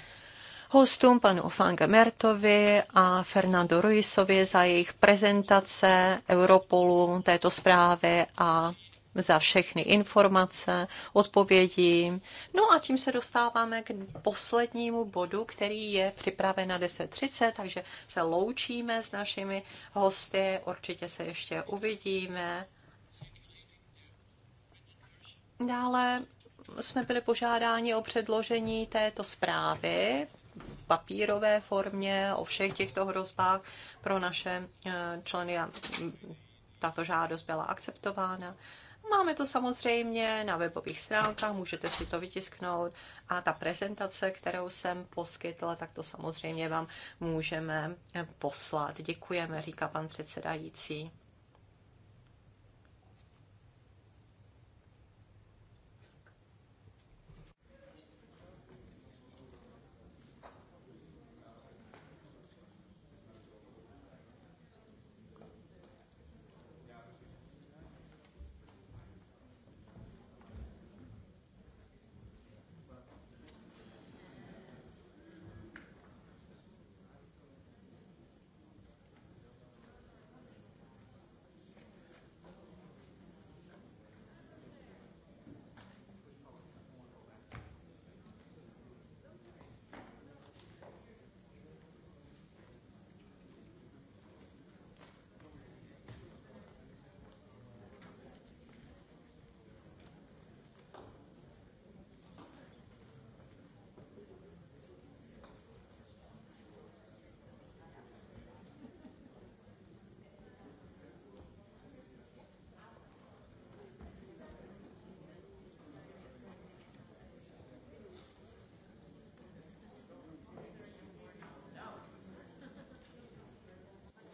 hostům, panu Fanga Mertovi a Fernando Ruisovi za jejich prezentace Europolu této zprávy a za všechny informace, odpovědi. No a tím se dostáváme k poslednímu bodu, který je připraven na 10.30, takže se loučíme s našimi hosty, určitě se ještě uvidíme. Dále jsme byli požádáni o předložení této zprávy v papírové formě o všech těchto hrozbách pro naše eh, členy a tato žádost byla akceptována. Máme to samozřejmě na webových stránkách, můžete si to vytisknout a ta prezentace, kterou jsem poskytla, tak to samozřejmě vám můžeme poslat. Děkujeme, říká pan předsedající.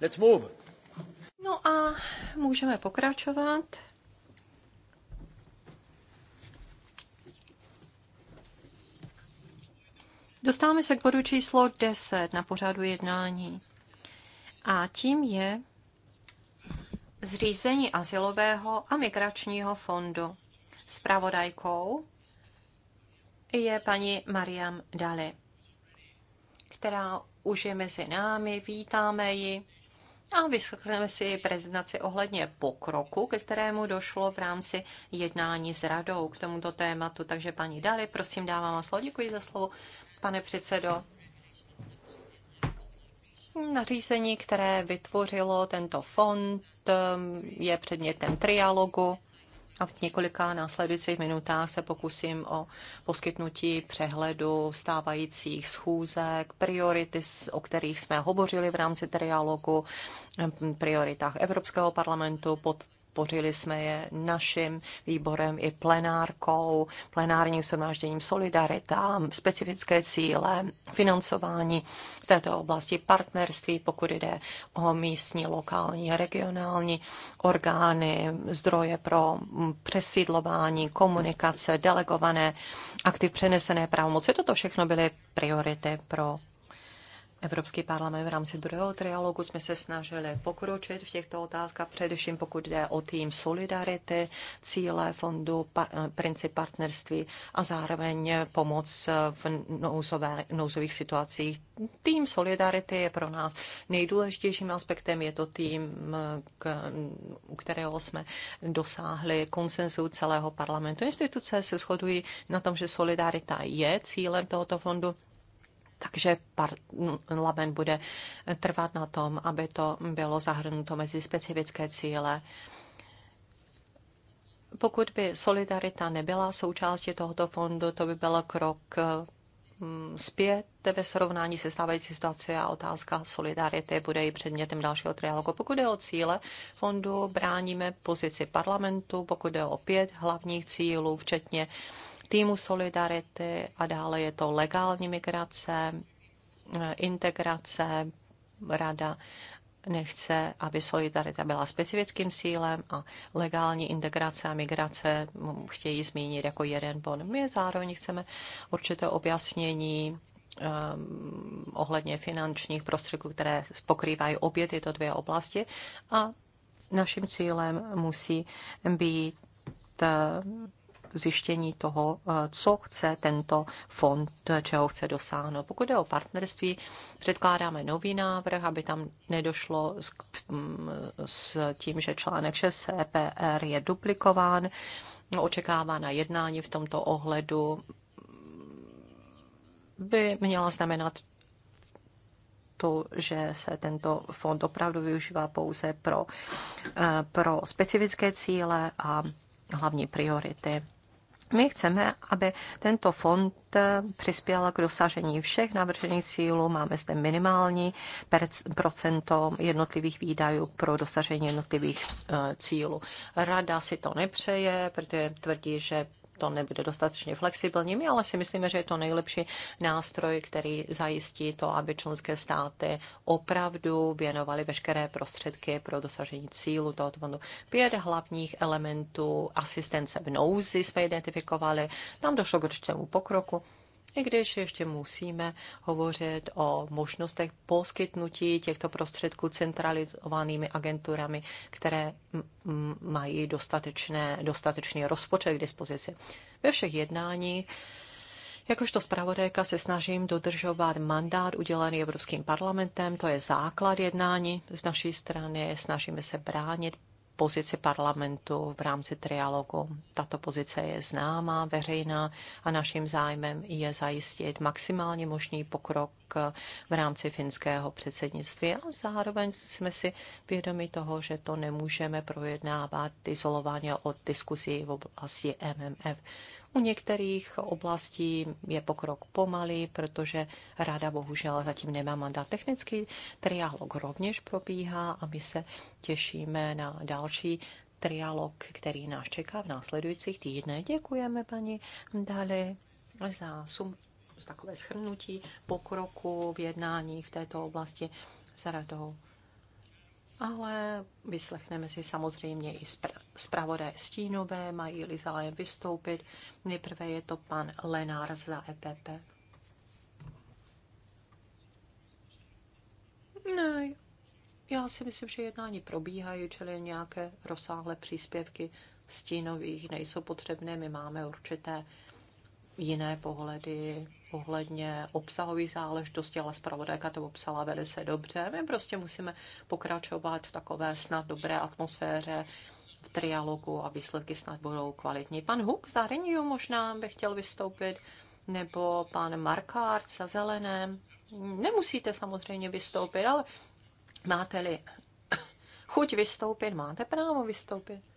Let's move. No a můžeme pokračovat. Dostáváme se k bodu číslo 10 na pořadu jednání. A tím je zřízení asilového a migračního fondu. Spravodajkou je paní Mariam Dali, která už je mezi námi. Vítáme ji a vyslechneme si prezentaci ohledně pokroku, ke kterému došlo v rámci jednání s radou k tomuto tématu. Takže paní Dali, prosím, dávám vás slovo. Děkuji za slovo, pane předsedo. Nařízení, které vytvořilo tento fond, je předmětem trialogu a v několika následujících minutách se pokusím o poskytnutí přehledu stávajících schůzek, priority, o kterých jsme hovořili v rámci trialogu, prioritách Evropského parlamentu, pod podpořili jsme je naším výborem i plenárkou, plenárním shromážděním Solidarita, specifické cíle, financování z této oblasti, partnerství, pokud jde o místní, lokální, regionální orgány, zdroje pro přesídlování, komunikace, delegované aktiv přenesené pravomoci. Toto všechno byly priority pro Evropský parlament v rámci druhého trialogu jsme se snažili pokročit v těchto otázkách, především pokud jde o tým solidarity, cíle fondu, pa, princip partnerství a zároveň pomoc v nouzové, nouzových situacích. Tým solidarity je pro nás nejdůležitějším aspektem. Je to tým, k, u kterého jsme dosáhli konsenzu celého parlamentu. Instituce se shodují na tom, že solidarita je cílem tohoto fondu takže parlament bude trvat na tom, aby to bylo zahrnuto mezi specifické cíle. Pokud by solidarita nebyla součástí tohoto fondu, to by byl krok eh, zpět ve srovnání se stávající situace a otázka solidarity bude i předmětem dalšího trialogu. Pokud je o cíle fondu, bráníme pozici parlamentu, pokud je o pět hlavních cílů, včetně uh, týmu Solidarity a dále je to legální migrace, integrace, rada nechce, aby solidarita byla specifickým cílem a legální integrace a migrace chtějí zmínit jako jeden bod. My zároveň chceme určité objasnění um, ohledně finančních prostředků, které pokrývají obě tyto dvě oblasti a naším cílem musí být eh, zjištění toho, eh, co chce tento fond, čeho chce dosáhnout. Pokud jde o partnerství, předkládáme nový návrh, aby tam nedošlo s, s tím, že článek 6 EPR je duplikován. Očekává na jednání v tomto ohledu by měla znamenat to, že se tento fond opravdu využívá pouze pro, eh, pro specifické cíle a hlavní priority. My chceme, aby tento fond eh, přispěl k dosažení všech navržených cílů. Máme zde minimální procento jednotlivých výdajů pro dosažení jednotlivých eh, cílů. Rada si to nepřeje, protože tvrdí, že to nebude dostatečně flexibilní. My ale si myslíme, že je to nejlepší nástroj, který zajistí to, aby členské státy opravdu věnovaly veškeré prostředky pro dosažení cílu tohoto fondu. Pět hlavních elementů asistence v nouzi jsme identifikovali. Tam došlo k určitému pokroku i když ještě musíme hovořit o možnostech poskytnutí těchto prostředků centralizovanými agenturami, které mají dostatečné, dostatečný rozpočet k dispozici. Ve všech jednáních Jakožto zpravodajka se snažím dodržovat mandát udělený Evropským parlamentem, to je základ jednání z naší strany, snažíme se bránit pozici parlamentu v rámci trialogu. Tato pozice je známá, veřejná a naším zájmem je zajistit maximálně možný pokrok v rámci finského předsednictví a zároveň jsme si vědomi toho, že to nemůžeme projednávat izolovaně od diskuzí v oblasti MMF. U některých oblastí je pokrok pomalý, protože ráda bohužel zatím nemá mandát technický. Trialog rovněž probíhá a my se těšíme na další trialog, který nás čeká v následujících týdnech. Děkujeme paní Dali za sum, takové shrnutí pokroku v jednání v této oblasti s radou ale vyslechneme si samozřejmě i zpravodé Stínové, mají-li zájem vystoupit. Nejprve je to pan Lenár za EPP. Ne, no, já si myslím, že jednání probíhají, čili nějaké rozsáhlé příspěvky stínových nejsou potřebné. My máme určité jiné pohledy, ohledně obsahový záležitosti, ale zpravodajka to obsala velice dobře. My prostě musíme pokračovat v takové snad dobré atmosféře, v trialogu a výsledky snad budou kvalitní. Pan Huk z Arinio možná by chtěl vystoupit, nebo pan Markart za Zeleném. Nemusíte samozřejmě vystoupit, ale máte-li chuť vystoupit, máte právo vystoupit.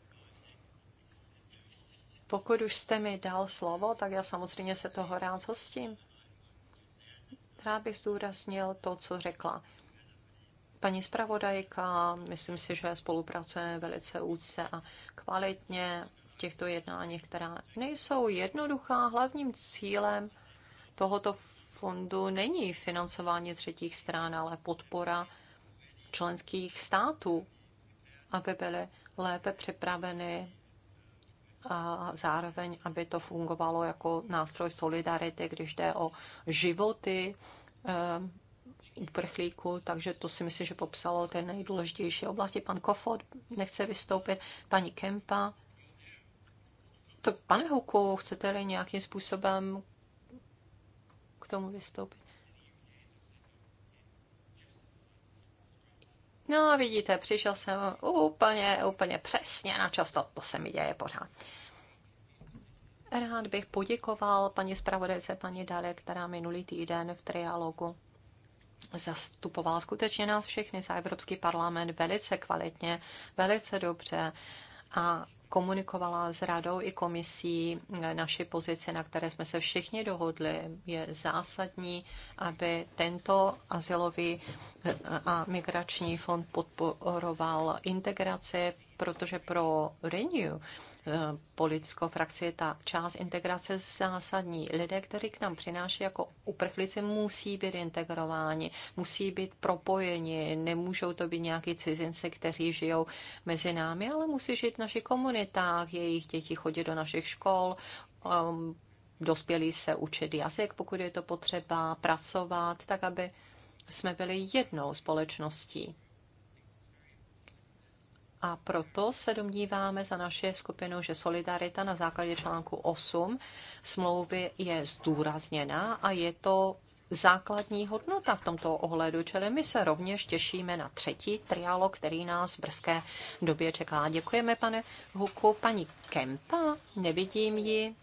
Pokud už jste mi dal slovo, tak já samozřejmě se toho rád zhostím. Rád bych zdůraznil to, co řekla paní zpravodajka. Myslím si, že spolupracujeme velice úzce a kvalitně v těchto jednáních, která nejsou jednoduchá. Hlavním cílem tohoto fondu není financování třetích stran, ale podpora členských států, aby byly lépe připraveny a zároveň, aby to fungovalo jako nástroj solidarity, když jde o životy eh, uprchlíků, takže to si myslím, že popsalo ty nejdůležitější oblasti. Pan Kofod nechce vystoupit, paní Kempa. To, pane Huku, chcete-li nějakým způsobem k tomu vystoupit? No a vidíte, přišel jsem úplně, úplně přesně na čas, to, to se mi děje pořád. Rád bych poděkoval paní zpravodajce, paní Dale, která minulý týden v trialogu zastupovala skutečně nás všechny za Evropský parlament velice kvalitně, velice dobře a komunikovala s radou i komisí eh, naši pozici, na které jsme se všichni dohodli. Je zásadní, aby tento asilový eh, a migrační fond podporoval integraci, protože pro Renew Eh, politickou frakci je ta část integrace zásadní. Lidé, kteří k nám přináší jako uprchlíci, musí být integrováni, musí být propojeni, nemůžou to být nějaký cizinci, kteří žijou mezi námi, ale musí žít v našich komunitách, jejich děti chodí do našich škol, um, dospělí se učit jazyk, pokud je to potřeba, pracovat, tak aby jsme byli jednou společností. A proto se domníváme za naše skupinu, že solidarita na základě článku 8 smlouvy je zdůrazněna a je to základní hodnota v tomto ohledu, čili my se rovněž těšíme na třetí trialog, který nás v brzké době čeká. Děkujeme, pane Huku. Paní Kempa, nevidím ji.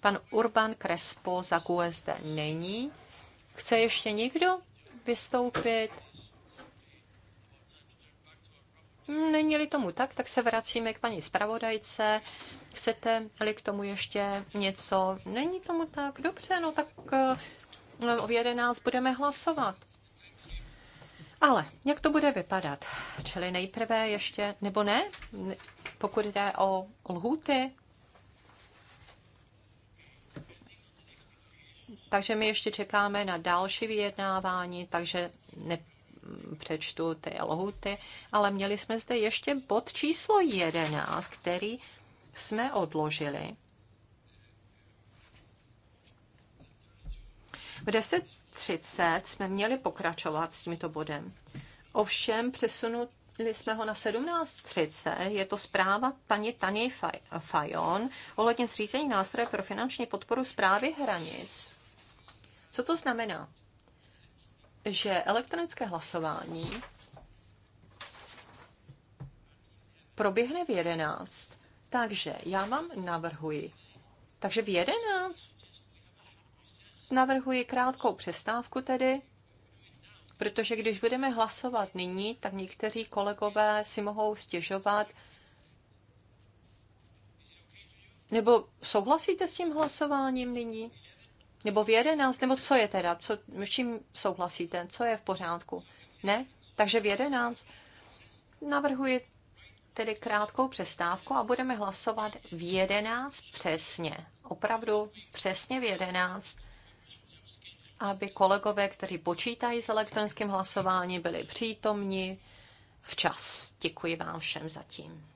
Pan Urban Crespo za QSD není. Chce ještě někdo vystoupit? Není-li tomu tak, tak se vracíme k paní zpravodajce. Chcete-li k tomu ještě něco? Není tomu tak? Dobře, no tak eh, v 11 budeme hlasovat. Ale jak to bude vypadat? Čili nejprve ještě, nebo ne, pokud jde o lhuty, takže my ještě čekáme na další vyjednávání, takže ne, přečtu ty lhuty, ale měli jsme zde ještě bod číslo 11, který jsme odložili. V 10.30 jsme měli pokračovat s tímto bodem. Ovšem přesunuli jsme ho na 17.30, je to zpráva paní Tani Fajon ohledně zřízení nástroje pro finanční podporu zprávy hranic. Co to znamená? že elektronické hlasování proběhne v 11. Takže já vám navrhuji. Takže v 11 navrhuji krátkou přestávku tedy, protože když budeme hlasovat nyní, tak někteří kolegové si mohou stěžovat, nebo souhlasíte s tím hlasováním nyní? Nebo v jedenáct, Nebo co je teda? Co, s čím souhlasíte? Co je v pořádku? Ne? Takže v jedenáct navrhuji tedy krátkou přestávku a budeme hlasovat v jedenáct přesně. Opravdu přesně v jedenáct, aby kolegové, kteří počítají s elektronickým hlasováním, byli přítomni včas. Děkuji vám všem zatím.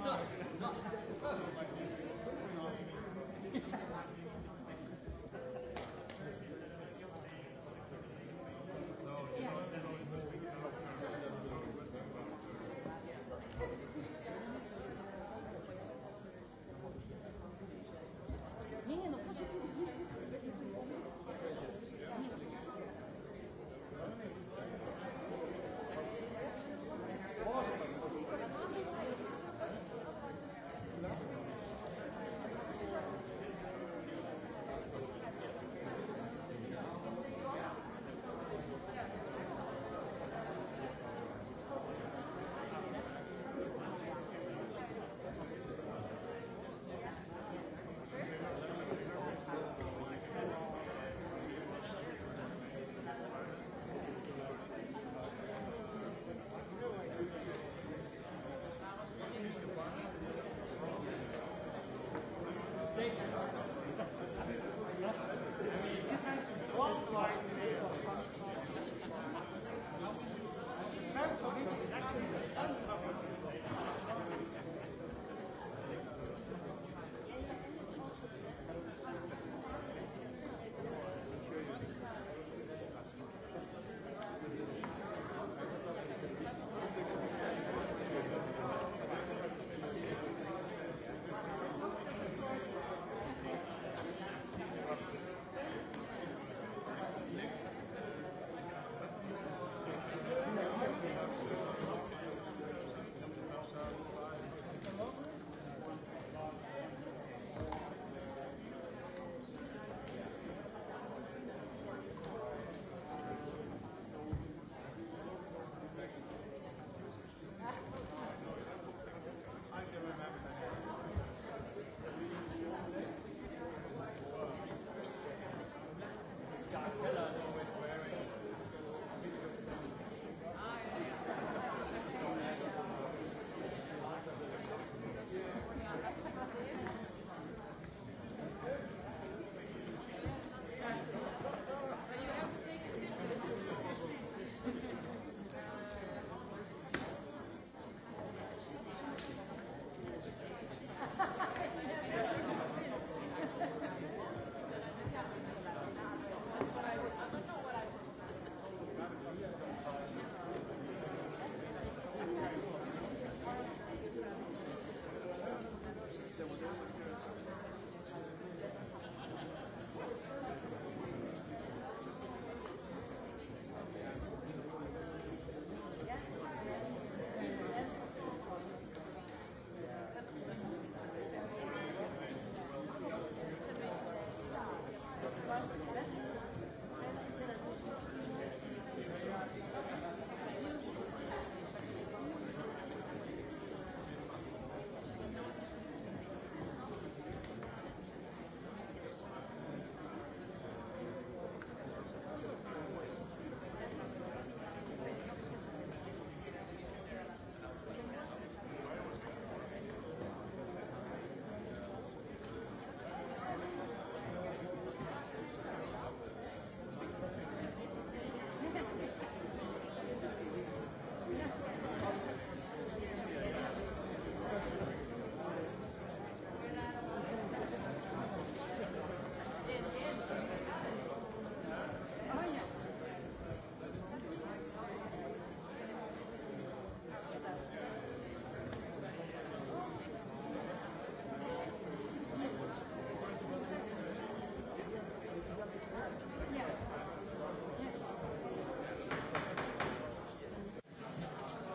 baví.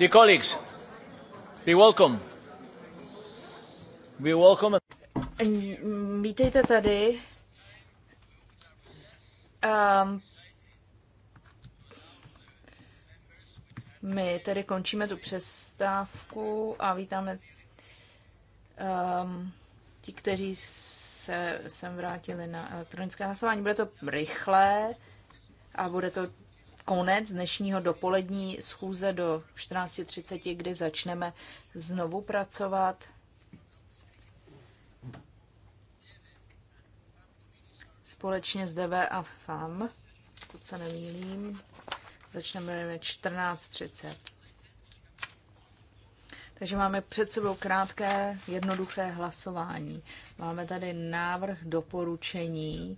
Dear colleagues, be welcome. Be welcome. Vítejte tady. Um, my tedy končíme tu přestávku a vítáme um, ti, kteří se sem vrátili na elektronické hlasování. Bude to rychlé a bude to konec dnešního dopolední schůze do 14.30, kdy začneme znovu pracovat. Společně s DV a FAM, to se nemýlím, začneme 14.30. Takže máme před sebou krátké, jednoduché hlasování. Máme tady návrh doporučení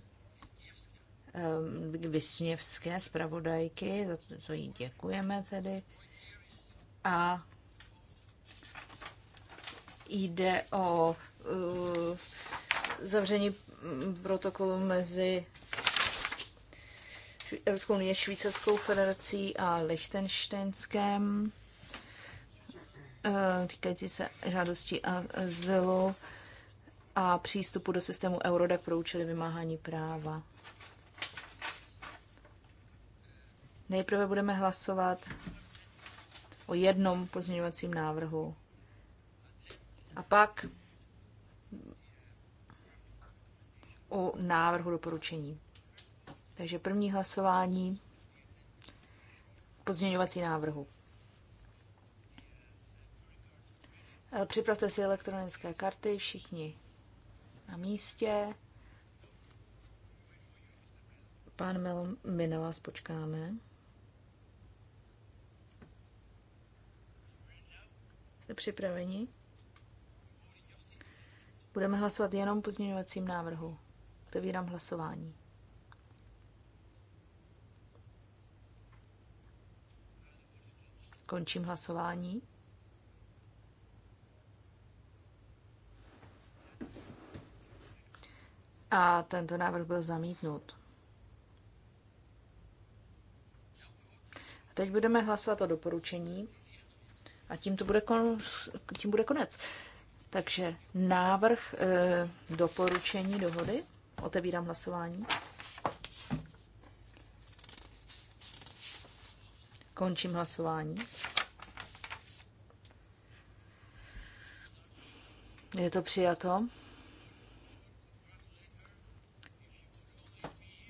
Ehm, Vysněvské zpravodajky, za to jí děkujeme tedy. A jde o uh, zavření protokolu mezi Evropskou unii, Švýcarskou federací a Lichtenštejnskem eh, týkající se žádosti a zelo a přístupu do systému Eurodac pro účely vymáhání práva. Nejprve budeme hlasovat o jednom pozměňovacím návrhu. A pak o návrhu doporučení. Takže první hlasování pozměňovací návrhu. Eh, připravte si elektronické karty, všichni na místě. Pán Mel, my na vás počkáme. Jste připraveni? Budeme hlasovat jenom pozměňovacím návrhu. Otevírám hlasování. Končím hlasování. A tento návrh byl zamítnut. A teď budeme hlasovat o doporučení. A tím, to bude, kon, tím bude konec. Takže návrh e, doporučení dohody. Otevírám hlasování. Končím hlasování. Je to přijato.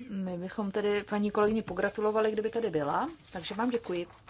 My bychom tedy paní kolegyni pogratulovali, kdyby tady byla, takže vám děkuji.